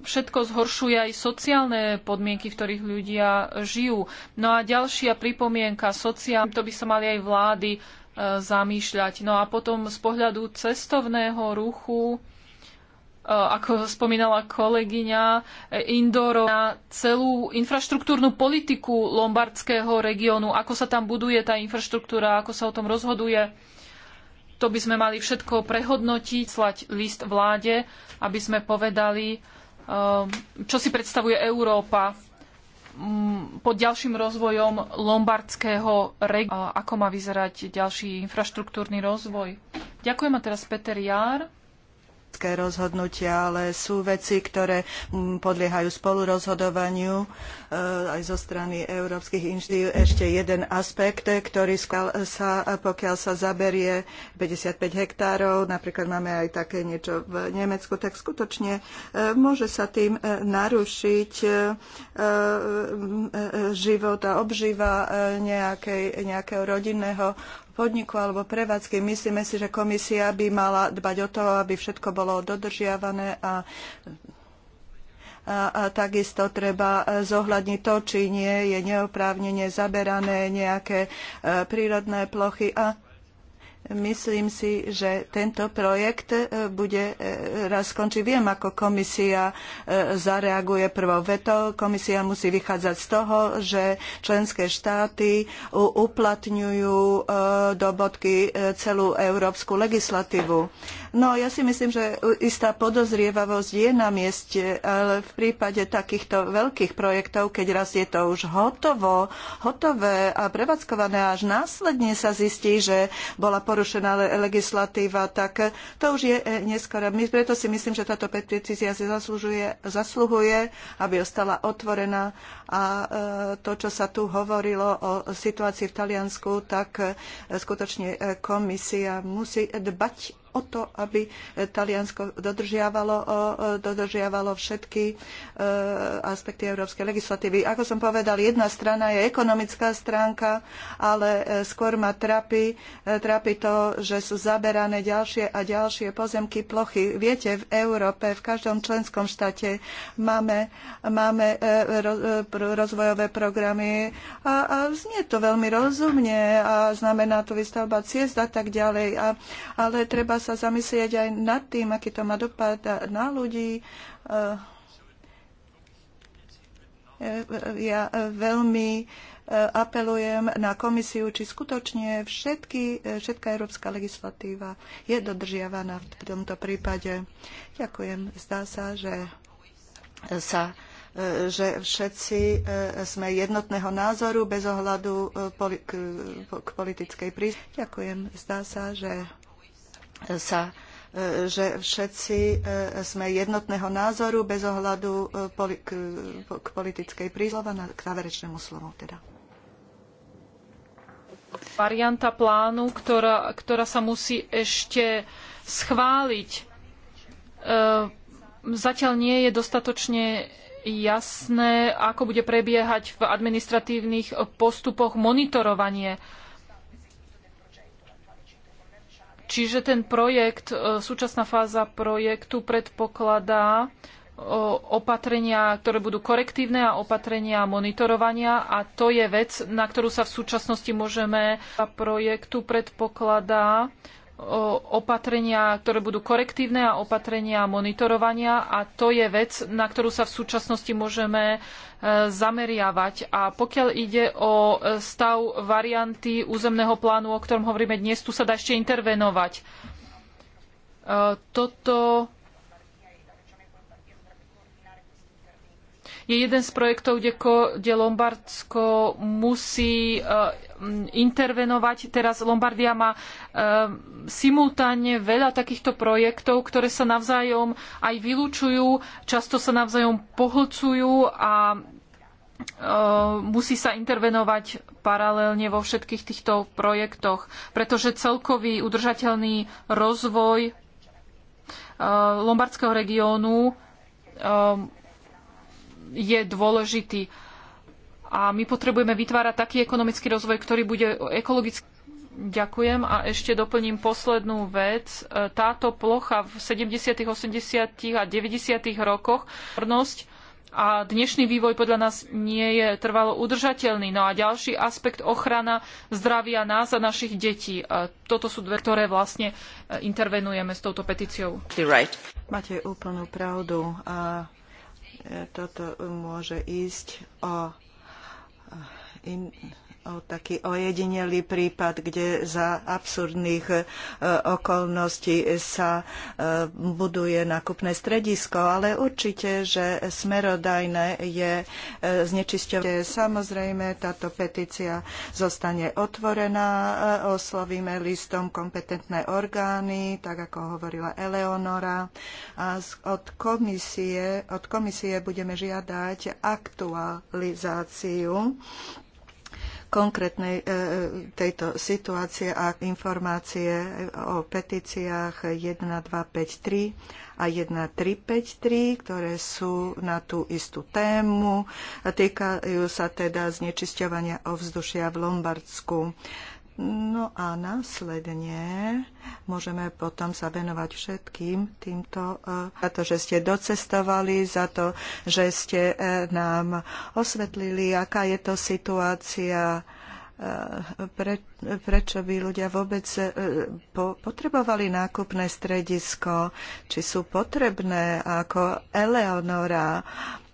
všetko zhoršuje aj sociálne podmienky, v ktorých ľudia žijú. No a ďalšia pripomienka sociál, to by sa mali aj vlády e, zamýšľať. No a potom z pohľadu cestovného ruchu Eh, ako spomínala kolegyňa eh, Indoro, na celú infraštruktúrnu politiku lombardského regiónu, ako sa tam buduje tá infraštruktúra, ako sa o tom rozhoduje. To by sme mali všetko prehodnotiť, slať list vláde, aby sme povedali, eh, čo si predstavuje Európa mm, pod ďalším rozvojom lombardského regiónu, ako má vyzerať ďalší infraštruktúrny rozvoj. Ďakujem a teraz Peter Jár politické rozhodnutia, ale sú veci, ktoré mm, podliehajú spolurozhodovaniu e, aj zo strany európskych inštitúcií. Ešte jeden aspekt, ktorý sa, pokiaľ sa zaberie 55 hektárov, napríklad máme aj také niečo v Nemecku, tak skutočne e, môže sa tým e, narušiť život a obživa nejakej, nejakého rodinného podniku alebo prevádzky. Myslíme si, že komisia by mala dbať o to, aby všetko bolo dodržiavané a a, a takisto treba zohľadniť to, či nie je neoprávnene zaberané nejaké e, prírodné plochy a Myslím si, že tento projekt e, bude e, raz skončiť. Viem, ako komisia e, zareaguje prvou vetou. Komisia musí vychádzať z toho, že členské štáty uplatňujú do bodky celú európsku legislatívu. No ja si myslím, že istá podozrievavosť je na mieste, ale v prípade takýchto veľkých projektov, keď raz je to už hotovo, hotové a prevádzkované, až následne sa zistí, že bola porušená legislatíva, tak to už je e, neskoro. My preto si myslím, že táto petícia si zaslúžuje, zasluhuje, aby ostala otvorená a e, to, čo sa tu hovorilo o situácii v Taliansku, tak e, skutočne komisia musí dbať o to, aby Taliansko dodržiavalo, dodržiavalo všetky e, aspekty európskej legislatívy. Ako som povedal, jedna strana je ekonomická stránka, ale e, skôr ma trápi, e, trápi to, že sú zaberané ďalšie a ďalšie pozemky, plochy. Viete, v Európe, v každom členskom štáte máme, máme rozvojové programy a, a znie to veľmi rozumne a znamená to výstavba ciest a tak ďalej. A, ale treba sa zamyslieť aj nad tým, aký to má dopad na ľudí. E, e, ja veľmi e, apelujem na komisiu, či skutočne všetky, všetká európska legislatíva je dodržiavaná v tomto prípade. Ďakujem. Zdá sa, že sa že všetci sme jednotného názoru bez ohľadu k politickej prísť. Ďakujem. Zdá sa, že sa e, že všetci e, sme jednotného názoru bez ohľadu e, k politickej prízlova k záverečnému slovu. Teda. Varianta plánu, ktorá, ktorá sa musí ešte schváliť, zatiaľ nie je dostatočne jasné, ako bude prebiehať v administratívnych postupoch monitorovanie Čiže ten projekt, e, súčasná fáza projektu predpokladá e, opatrenia, ktoré budú korektívne a opatrenia monitorovania a to je vec, na ktorú sa v súčasnosti môžeme projektu predpokladá opatrenia, ktoré budú korektívne a opatrenia monitorovania a to je vec, na ktorú sa v súčasnosti môžeme e, zameriavať. A pokiaľ ide o e, stav varianty územného plánu, o ktorom hovoríme dnes, tu sa dá ešte intervenovať. E, toto je jeden z projektov, kde, Lombardsko musí Mm, intervenovať. Teraz Lombardia má e, simultánne veľa takýchto projektov, ktoré sa navzájom aj vylúčujú, často sa navzájom pohlcujú a e, musí sa intervenovať paralelne vo všetkých týchto projektoch, pretože celkový udržateľný rozvoj e, lombardského regiónu e, je dôležitý a my potrebujeme vytvárať taký ekonomický rozvoj, ktorý bude ekologicky. Ďakujem a ešte doplním poslednú vec. Táto plocha v 70., 80. a 90. rokoch a dnešný vývoj podľa nás nie je trvalo udržateľný. No a ďalší aspekt ochrana zdravia nás a našich detí. E, toto sú dve, ktoré vlastne e, intervenujeme s touto petíciou. Right. Máte úplnú pravdu. A e, toto môže ísť o o taký ojedinelý prípad, kde za absurdných e, okolností sa e, buduje nakupné stredisko, ale určite, že smerodajné je e, znečisťovanie. Samozrejme, táto petícia zostane otvorená, e, oslovíme listom kompetentné orgány, tak ako hovorila Eleonora, a z, od, komisie, od komisie budeme žiadať aktualizáciu konkrétnej e, e, tejto situácie a informácie o petíciách 1253 a 1353, ktoré sú na tú istú tému. Týkajú sa teda znečisťovania ovzdušia v Lombardsku. No a následne môžeme potom sa venovať všetkým týmto, eh, za to, že ste docestovali, za to, že ste eh, nám osvetlili, aká je to situácia, eh, pre, prečo by ľudia vôbec potrebovali nákupné stredisko, či sú potrebné ako Eleonora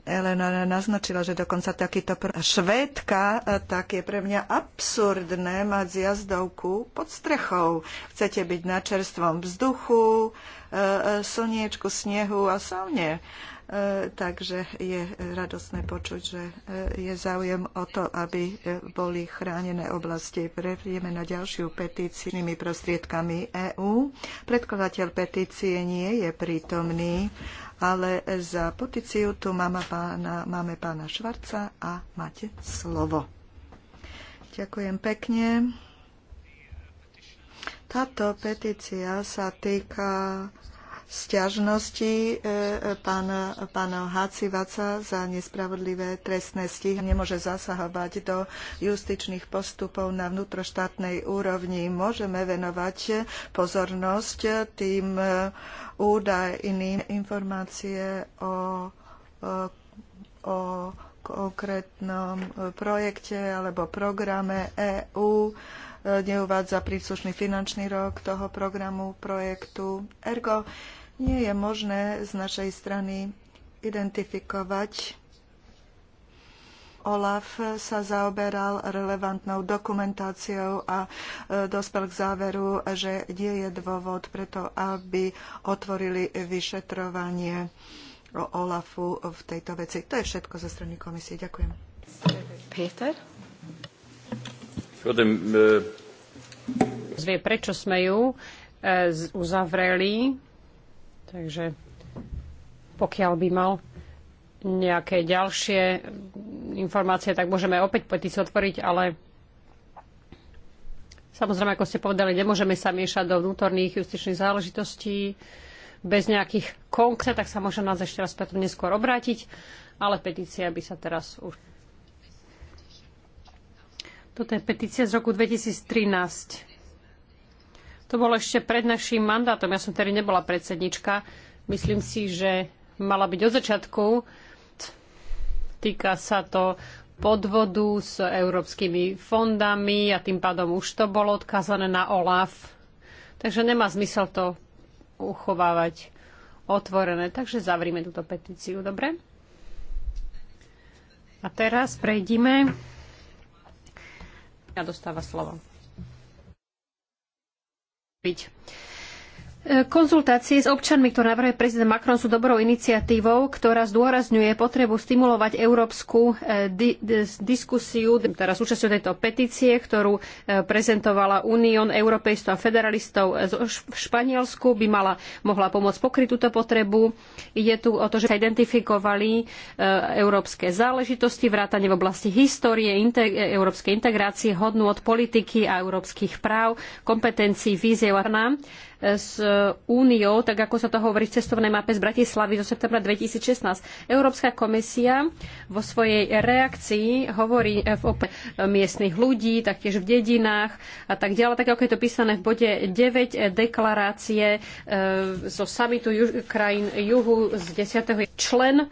Elena naznačila, že dokonca takýto pr- švédka, e, tak je pre mňa absurdné mať zjazdovku pod strechou. Chcete byť na čerstvom vzduchu, e, e, slniečku, snehu a saune takže je radosné počuť, že je záujem o to, aby boli chránené oblasti. Prejdeme na ďalšiu petíciu prostriedkami EÚ. Predkladateľ petície nie je prítomný ale za petíciu tu máme pána, máme pána Švarca a máte slovo. Ďakujem pekne. Táto petícia sa týka stiažnosti pána, e, e, pána Hacivaca za nespravodlivé trestné stíhanie nemôže zasahovať do justičných postupov na vnútroštátnej úrovni. Môžeme venovať pozornosť tým e, údajným informácie o, o konkrétnom projekte alebo programe EÚ neuvádza príslušný finančný rok toho programu, projektu. Ergo, nie je možné z našej strany identifikovať. Olaf sa zaoberal relevantnou dokumentáciou a e, dospel k záveru, že nie je dôvod preto, aby otvorili vyšetrovanie o Olafu v tejto veci. To je všetko zo strany komisie. Ďakujem. Peter? Zvie, prečo sme ju e, uzavreli Takže pokiaľ by mal nejaké ďalšie informácie, tak môžeme opäť petíciu otvoriť, ale samozrejme, ako ste povedali, nemôžeme sa miešať do vnútorných justičných záležitostí bez nejakých konkrét, tak sa môže nás ešte raz preto neskôr obrátiť, ale petícia by sa teraz už... Toto je petícia z roku 2013. To bolo ešte pred našim mandátom. Ja som tedy nebola predsednička. Myslím si, že mala byť od začiatku. Týka sa to podvodu s európskymi fondami a tým pádom už to bolo odkázané na OLAF. Takže nemá zmysel to uchovávať otvorené. Takže zavrime túto petíciu, dobre? A teraz prejdime. Ja dostáva slovo byť. Konzultácie s občanmi, ktoré navrhuje prezident Macron, sú dobrou iniciatívou, ktorá zdôrazňuje potrebu stimulovať európsku eh, di- diskusiu, teda súčasťou tejto petície, ktorú eh, prezentovala Unión europeistov a federalistov eh, v Španielsku, by mala, mohla pomôcť pokryť túto potrebu. Ide tu o to, že sa identifikovali európske záležitosti, vrátane v oblasti histórie, európskej integrácie, hodnú od politiky a európskych práv, kompetencií, víziev a nám s úniou, tak ako sa to hovorí v cestovnej mape z Bratislavy zo septembra 2016. Európska komisia vo svojej reakcii hovorí eh, v op- miestnych ľudí, taktiež v dedinách a tak ďalej, tak ako je to písané v bode 9 eh, deklarácie eh, zo samitu juž- krajín juhu z 10. člen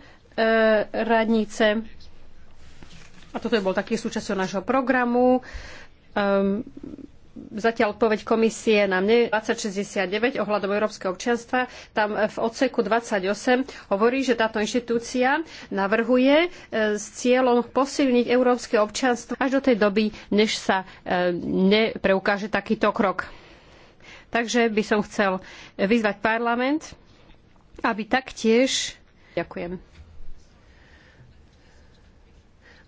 radnice. A toto je bol taký súčasťou nášho programu. Um, zatiaľ odpoveď komisie na mne 2069 ohľadom európskeho občianstva. Tam v odseku 28 hovorí, že táto inštitúcia navrhuje e, s cieľom posilniť európske občianstvo až do tej doby, než sa e, nepreukáže takýto krok. Takže by som chcel vyzvať parlament, aby taktiež. Ďakujem.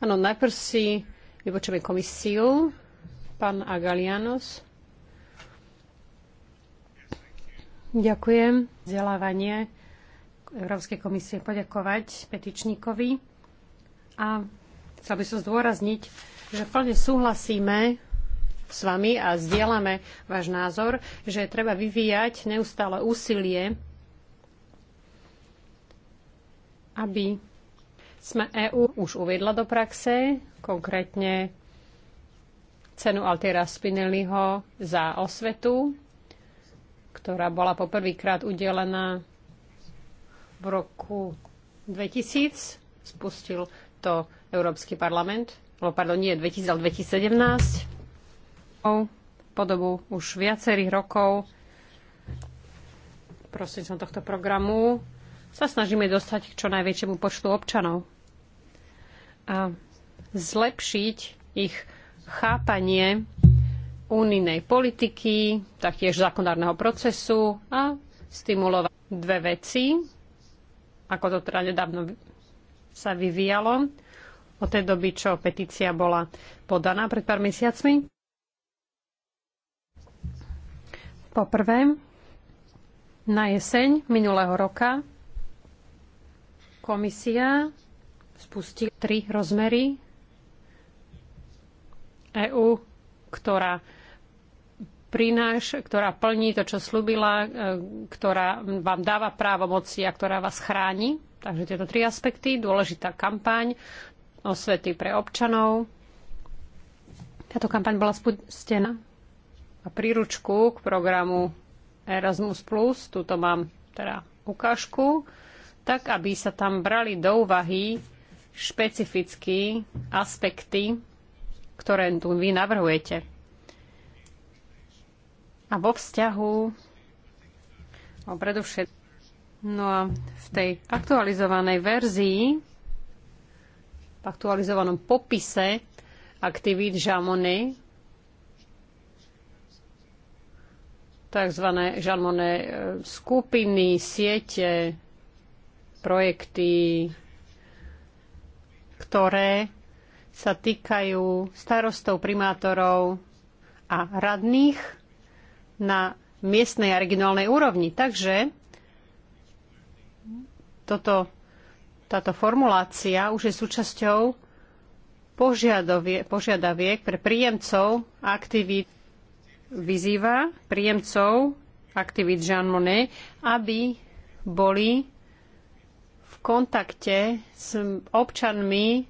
Áno, najprv si vypočujeme komisiu. Pán Agalianos. Ďakujem. Vzdelávanie Európskej komisie poďakovať petičníkovi. A chcel by som zdôrazniť, že plne súhlasíme s vami a zdieľame váš názor, že treba vyvíjať neustále úsilie, aby sme EÚ už uviedla do praxe, konkrétne cenu Altiera Spinelliho za osvetu, ktorá bola poprvýkrát udelená v roku 2000. Spustil to Európsky parlament, alebo no, pardon, nie 2000, ale 2017. Podobu už viacerých rokov prostredníctvom tohto programu sa snažíme dostať k čo najväčšiemu počtu občanov a zlepšiť ich chápanie únijnej politiky, taktiež zákonárneho procesu a stimulovať dve veci, ako to teda nedávno sa vyvíjalo od tej doby, čo petícia bola podaná pred pár mesiacmi. Poprvé, na jeseň minulého roka komisia spustila tri rozmery EÚ, ktorá prináš, ktorá plní to, čo slúbila, e, ktorá vám dáva právo moci a ktorá vás chráni. Takže tieto tri aspekty. Dôležitá kampaň, osvety pre občanov. Táto kampaň bola spustená a príručku k programu Erasmus+, tuto mám teda ukážku, tak aby sa tam brali do úvahy špecifické aspekty ktoré tu vy navrhujete. A vo vzťahu, o predovšetkým, no a v tej aktualizovanej verzii, v aktualizovanom popise aktivít Žamony, tzv. žalmone skupiny, siete, projekty, ktoré sa týkajú starostov, primátorov a radných na miestnej a regionálnej úrovni. Takže toto, táto formulácia už je súčasťou požiadaviek pre príjemcov aktivít vyzýva príjemcov aktivít Jean Monnet, aby boli v kontakte s občanmi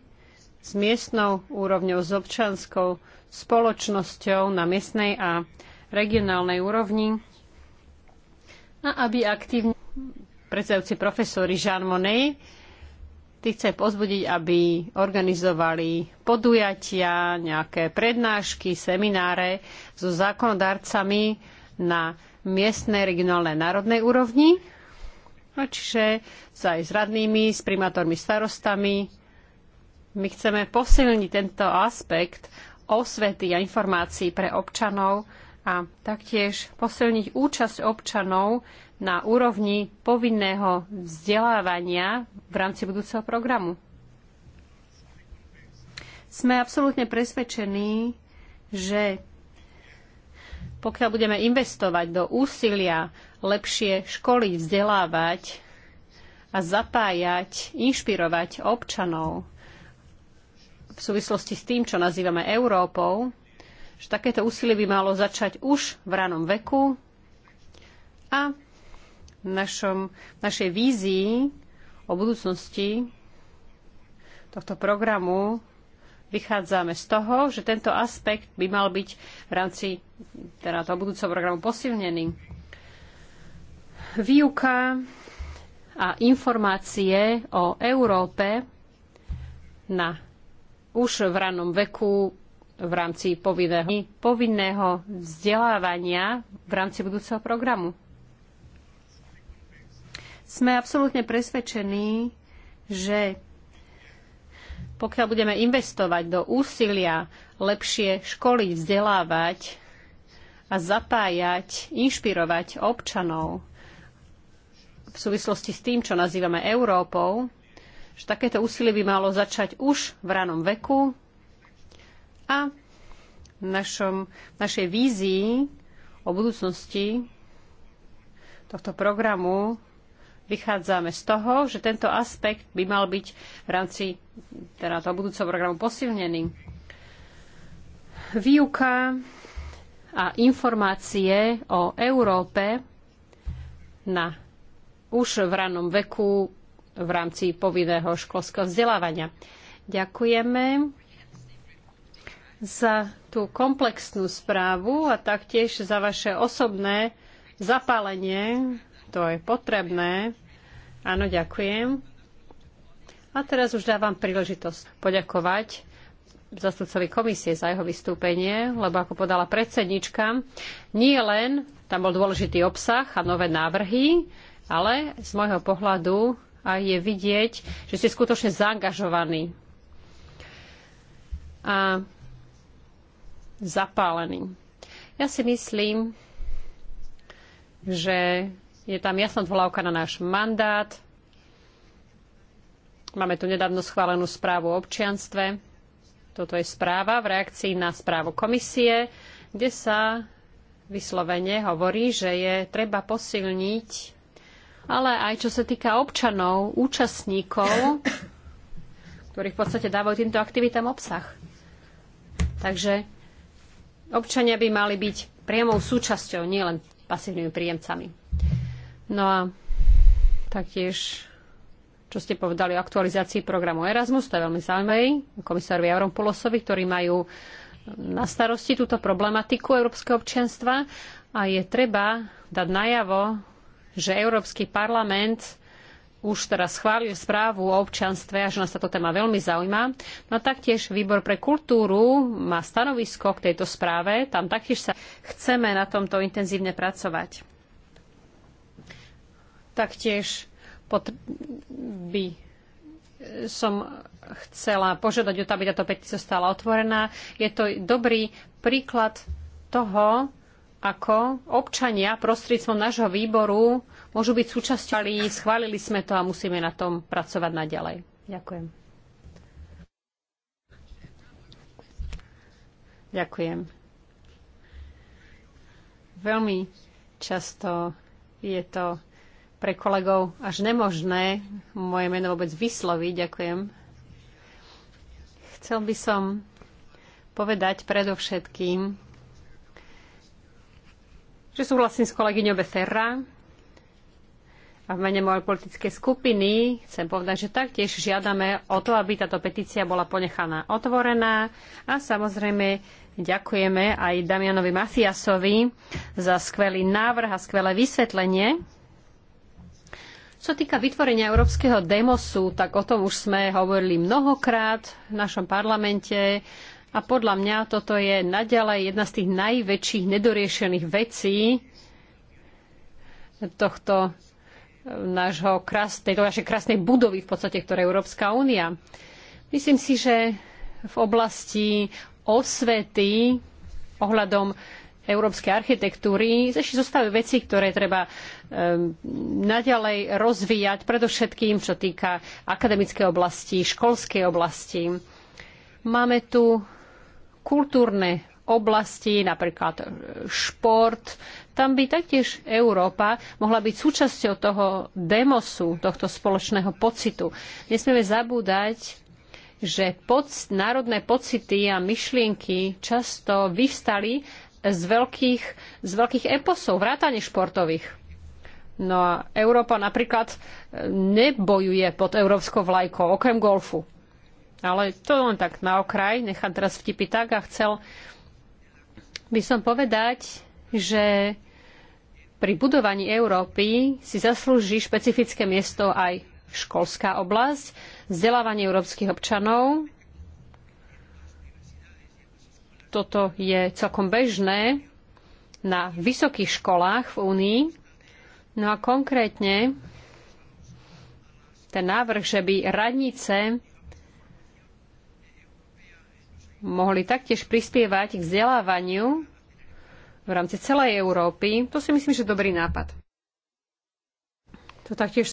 s miestnou úrovňou, s občanskou spoločnosťou na miestnej a regionálnej úrovni a aby aktívne predsedajúci profesori Jean Monnet tých chce pozbudiť, aby organizovali podujatia, nejaké prednášky, semináre so zákonodárcami na miestnej, regionálnej, národnej úrovni. A čiže sa aj s radnými, s primátormi, starostami, my chceme posilniť tento aspekt osvety a informácií pre občanov a taktiež posilniť účasť občanov na úrovni povinného vzdelávania v rámci budúceho programu. Sme absolútne presvedčení, že pokiaľ budeme investovať do úsilia lepšie školiť, vzdelávať a zapájať, inšpirovať občanov v súvislosti s tým, čo nazývame Európou, že takéto úsilie by malo začať už v ranom veku a v našom, našej vízii o budúcnosti tohto programu vychádzame z toho, že tento aspekt by mal byť v rámci teda toho budúceho programu posilnený. Výuka a informácie o Európe na už v ranom veku v rámci povinného, povinného vzdelávania v rámci budúceho programu. Sme absolútne presvedčení, že pokiaľ budeme investovať do úsilia lepšie školiť, vzdelávať a zapájať, inšpirovať občanov v súvislosti s tým, čo nazývame Európou, že takéto úsilie by malo začať už v ranom veku a v našom, našej vízii o budúcnosti tohto programu vychádzame z toho, že tento aspekt by mal byť v rámci teda toho budúceho programu posilnený. Výuka a informácie o Európe na už v ranom veku v rámci povinného školského vzdelávania. Ďakujeme za tú komplexnú správu a taktiež za vaše osobné zapálenie. To je potrebné. Áno, ďakujem. A teraz už dávam príležitosť poďakovať zastupcovi komisie za jeho vystúpenie, lebo ako podala predsednička, nie len tam bol dôležitý obsah a nové návrhy, ale z môjho pohľadu a je vidieť, že ste skutočne zaangažovaní a zapálení. Ja si myslím, že je tam jasná odvolávka na náš mandát. Máme tu nedávno schválenú správu o občianstve. Toto je správa v reakcii na správu komisie, kde sa vyslovene hovorí, že je treba posilniť ale aj čo sa týka občanov, účastníkov, ktorí v podstate dávajú týmto aktivitám obsah. Takže občania by mali byť priamou súčasťou, nielen pasívnymi príjemcami. No a taktiež, čo ste povedali o aktualizácii programu Erasmus, to je veľmi zaujímavé, komisárovi Polosovi, ktorí majú na starosti túto problematiku európskeho občianstva a je treba dať najavo že Európsky parlament už teraz schválil správu o občanstve a že nás táto téma veľmi zaujíma. No a taktiež výbor pre kultúru má stanovisko k tejto správe. Tam taktiež sa chceme na tomto intenzívne pracovať. Taktiež by som chcela požiadať o to, aby táto petícia stala otvorená. Je to dobrý príklad toho, ako občania prostredníctvom nášho výboru môžu byť súčasťou. Schválili sme to a musíme na tom pracovať naďalej. Ďakujem. Ďakujem. Veľmi často je to pre kolegov až nemožné moje meno vôbec vysloviť. Ďakujem. Chcel by som povedať predovšetkým, že súhlasím s kolegyňou Becerra a v mene mojej politickej skupiny chcem povedať, že taktiež žiadame o to, aby táto petícia bola ponechaná otvorená a samozrejme ďakujeme aj Damianovi Mafiasovi za skvelý návrh a skvelé vysvetlenie. Čo týka vytvorenia Európskeho demosu, tak o tom už sme hovorili mnohokrát v našom parlamente a podľa mňa toto je naďalej jedna z tých najväčších nedoriešených vecí tohto eh, nášho krásnej, to našej krásnej budovy v podstate, ktorá je Európska únia. Myslím si, že v oblasti osvety ohľadom európskej architektúry ešte zostávajú veci, ktoré treba e, naďalej rozvíjať, predovšetkým čo týka akademickej oblasti, školskej oblasti. Máme tu kultúrne oblasti, napríklad e, šport. Tam by taktiež Európa mohla byť súčasťou toho demosu, tohto spoločného pocitu. Nesmieme zabúdať, že poc, národné pocity a myšlienky často vyvstali z veľkých, z veľkých eposov, vrátane športových. No a Európa napríklad e, nebojuje pod európskou vlajkou, okrem golfu. Ale to len tak na okraj, nechám teraz vtipy tak a chcel by som povedať, že pri budovaní Európy si zaslúži špecifické miesto aj školská oblasť, vzdelávanie európskych občanov. Toto je celkom bežné na vysokých školách v Únii. No a konkrétne ten návrh, že by radnice mohli taktiež prispievať k vzdelávaniu v rámci celej Európy. To si myslím, že dobrý nápad. To taktiež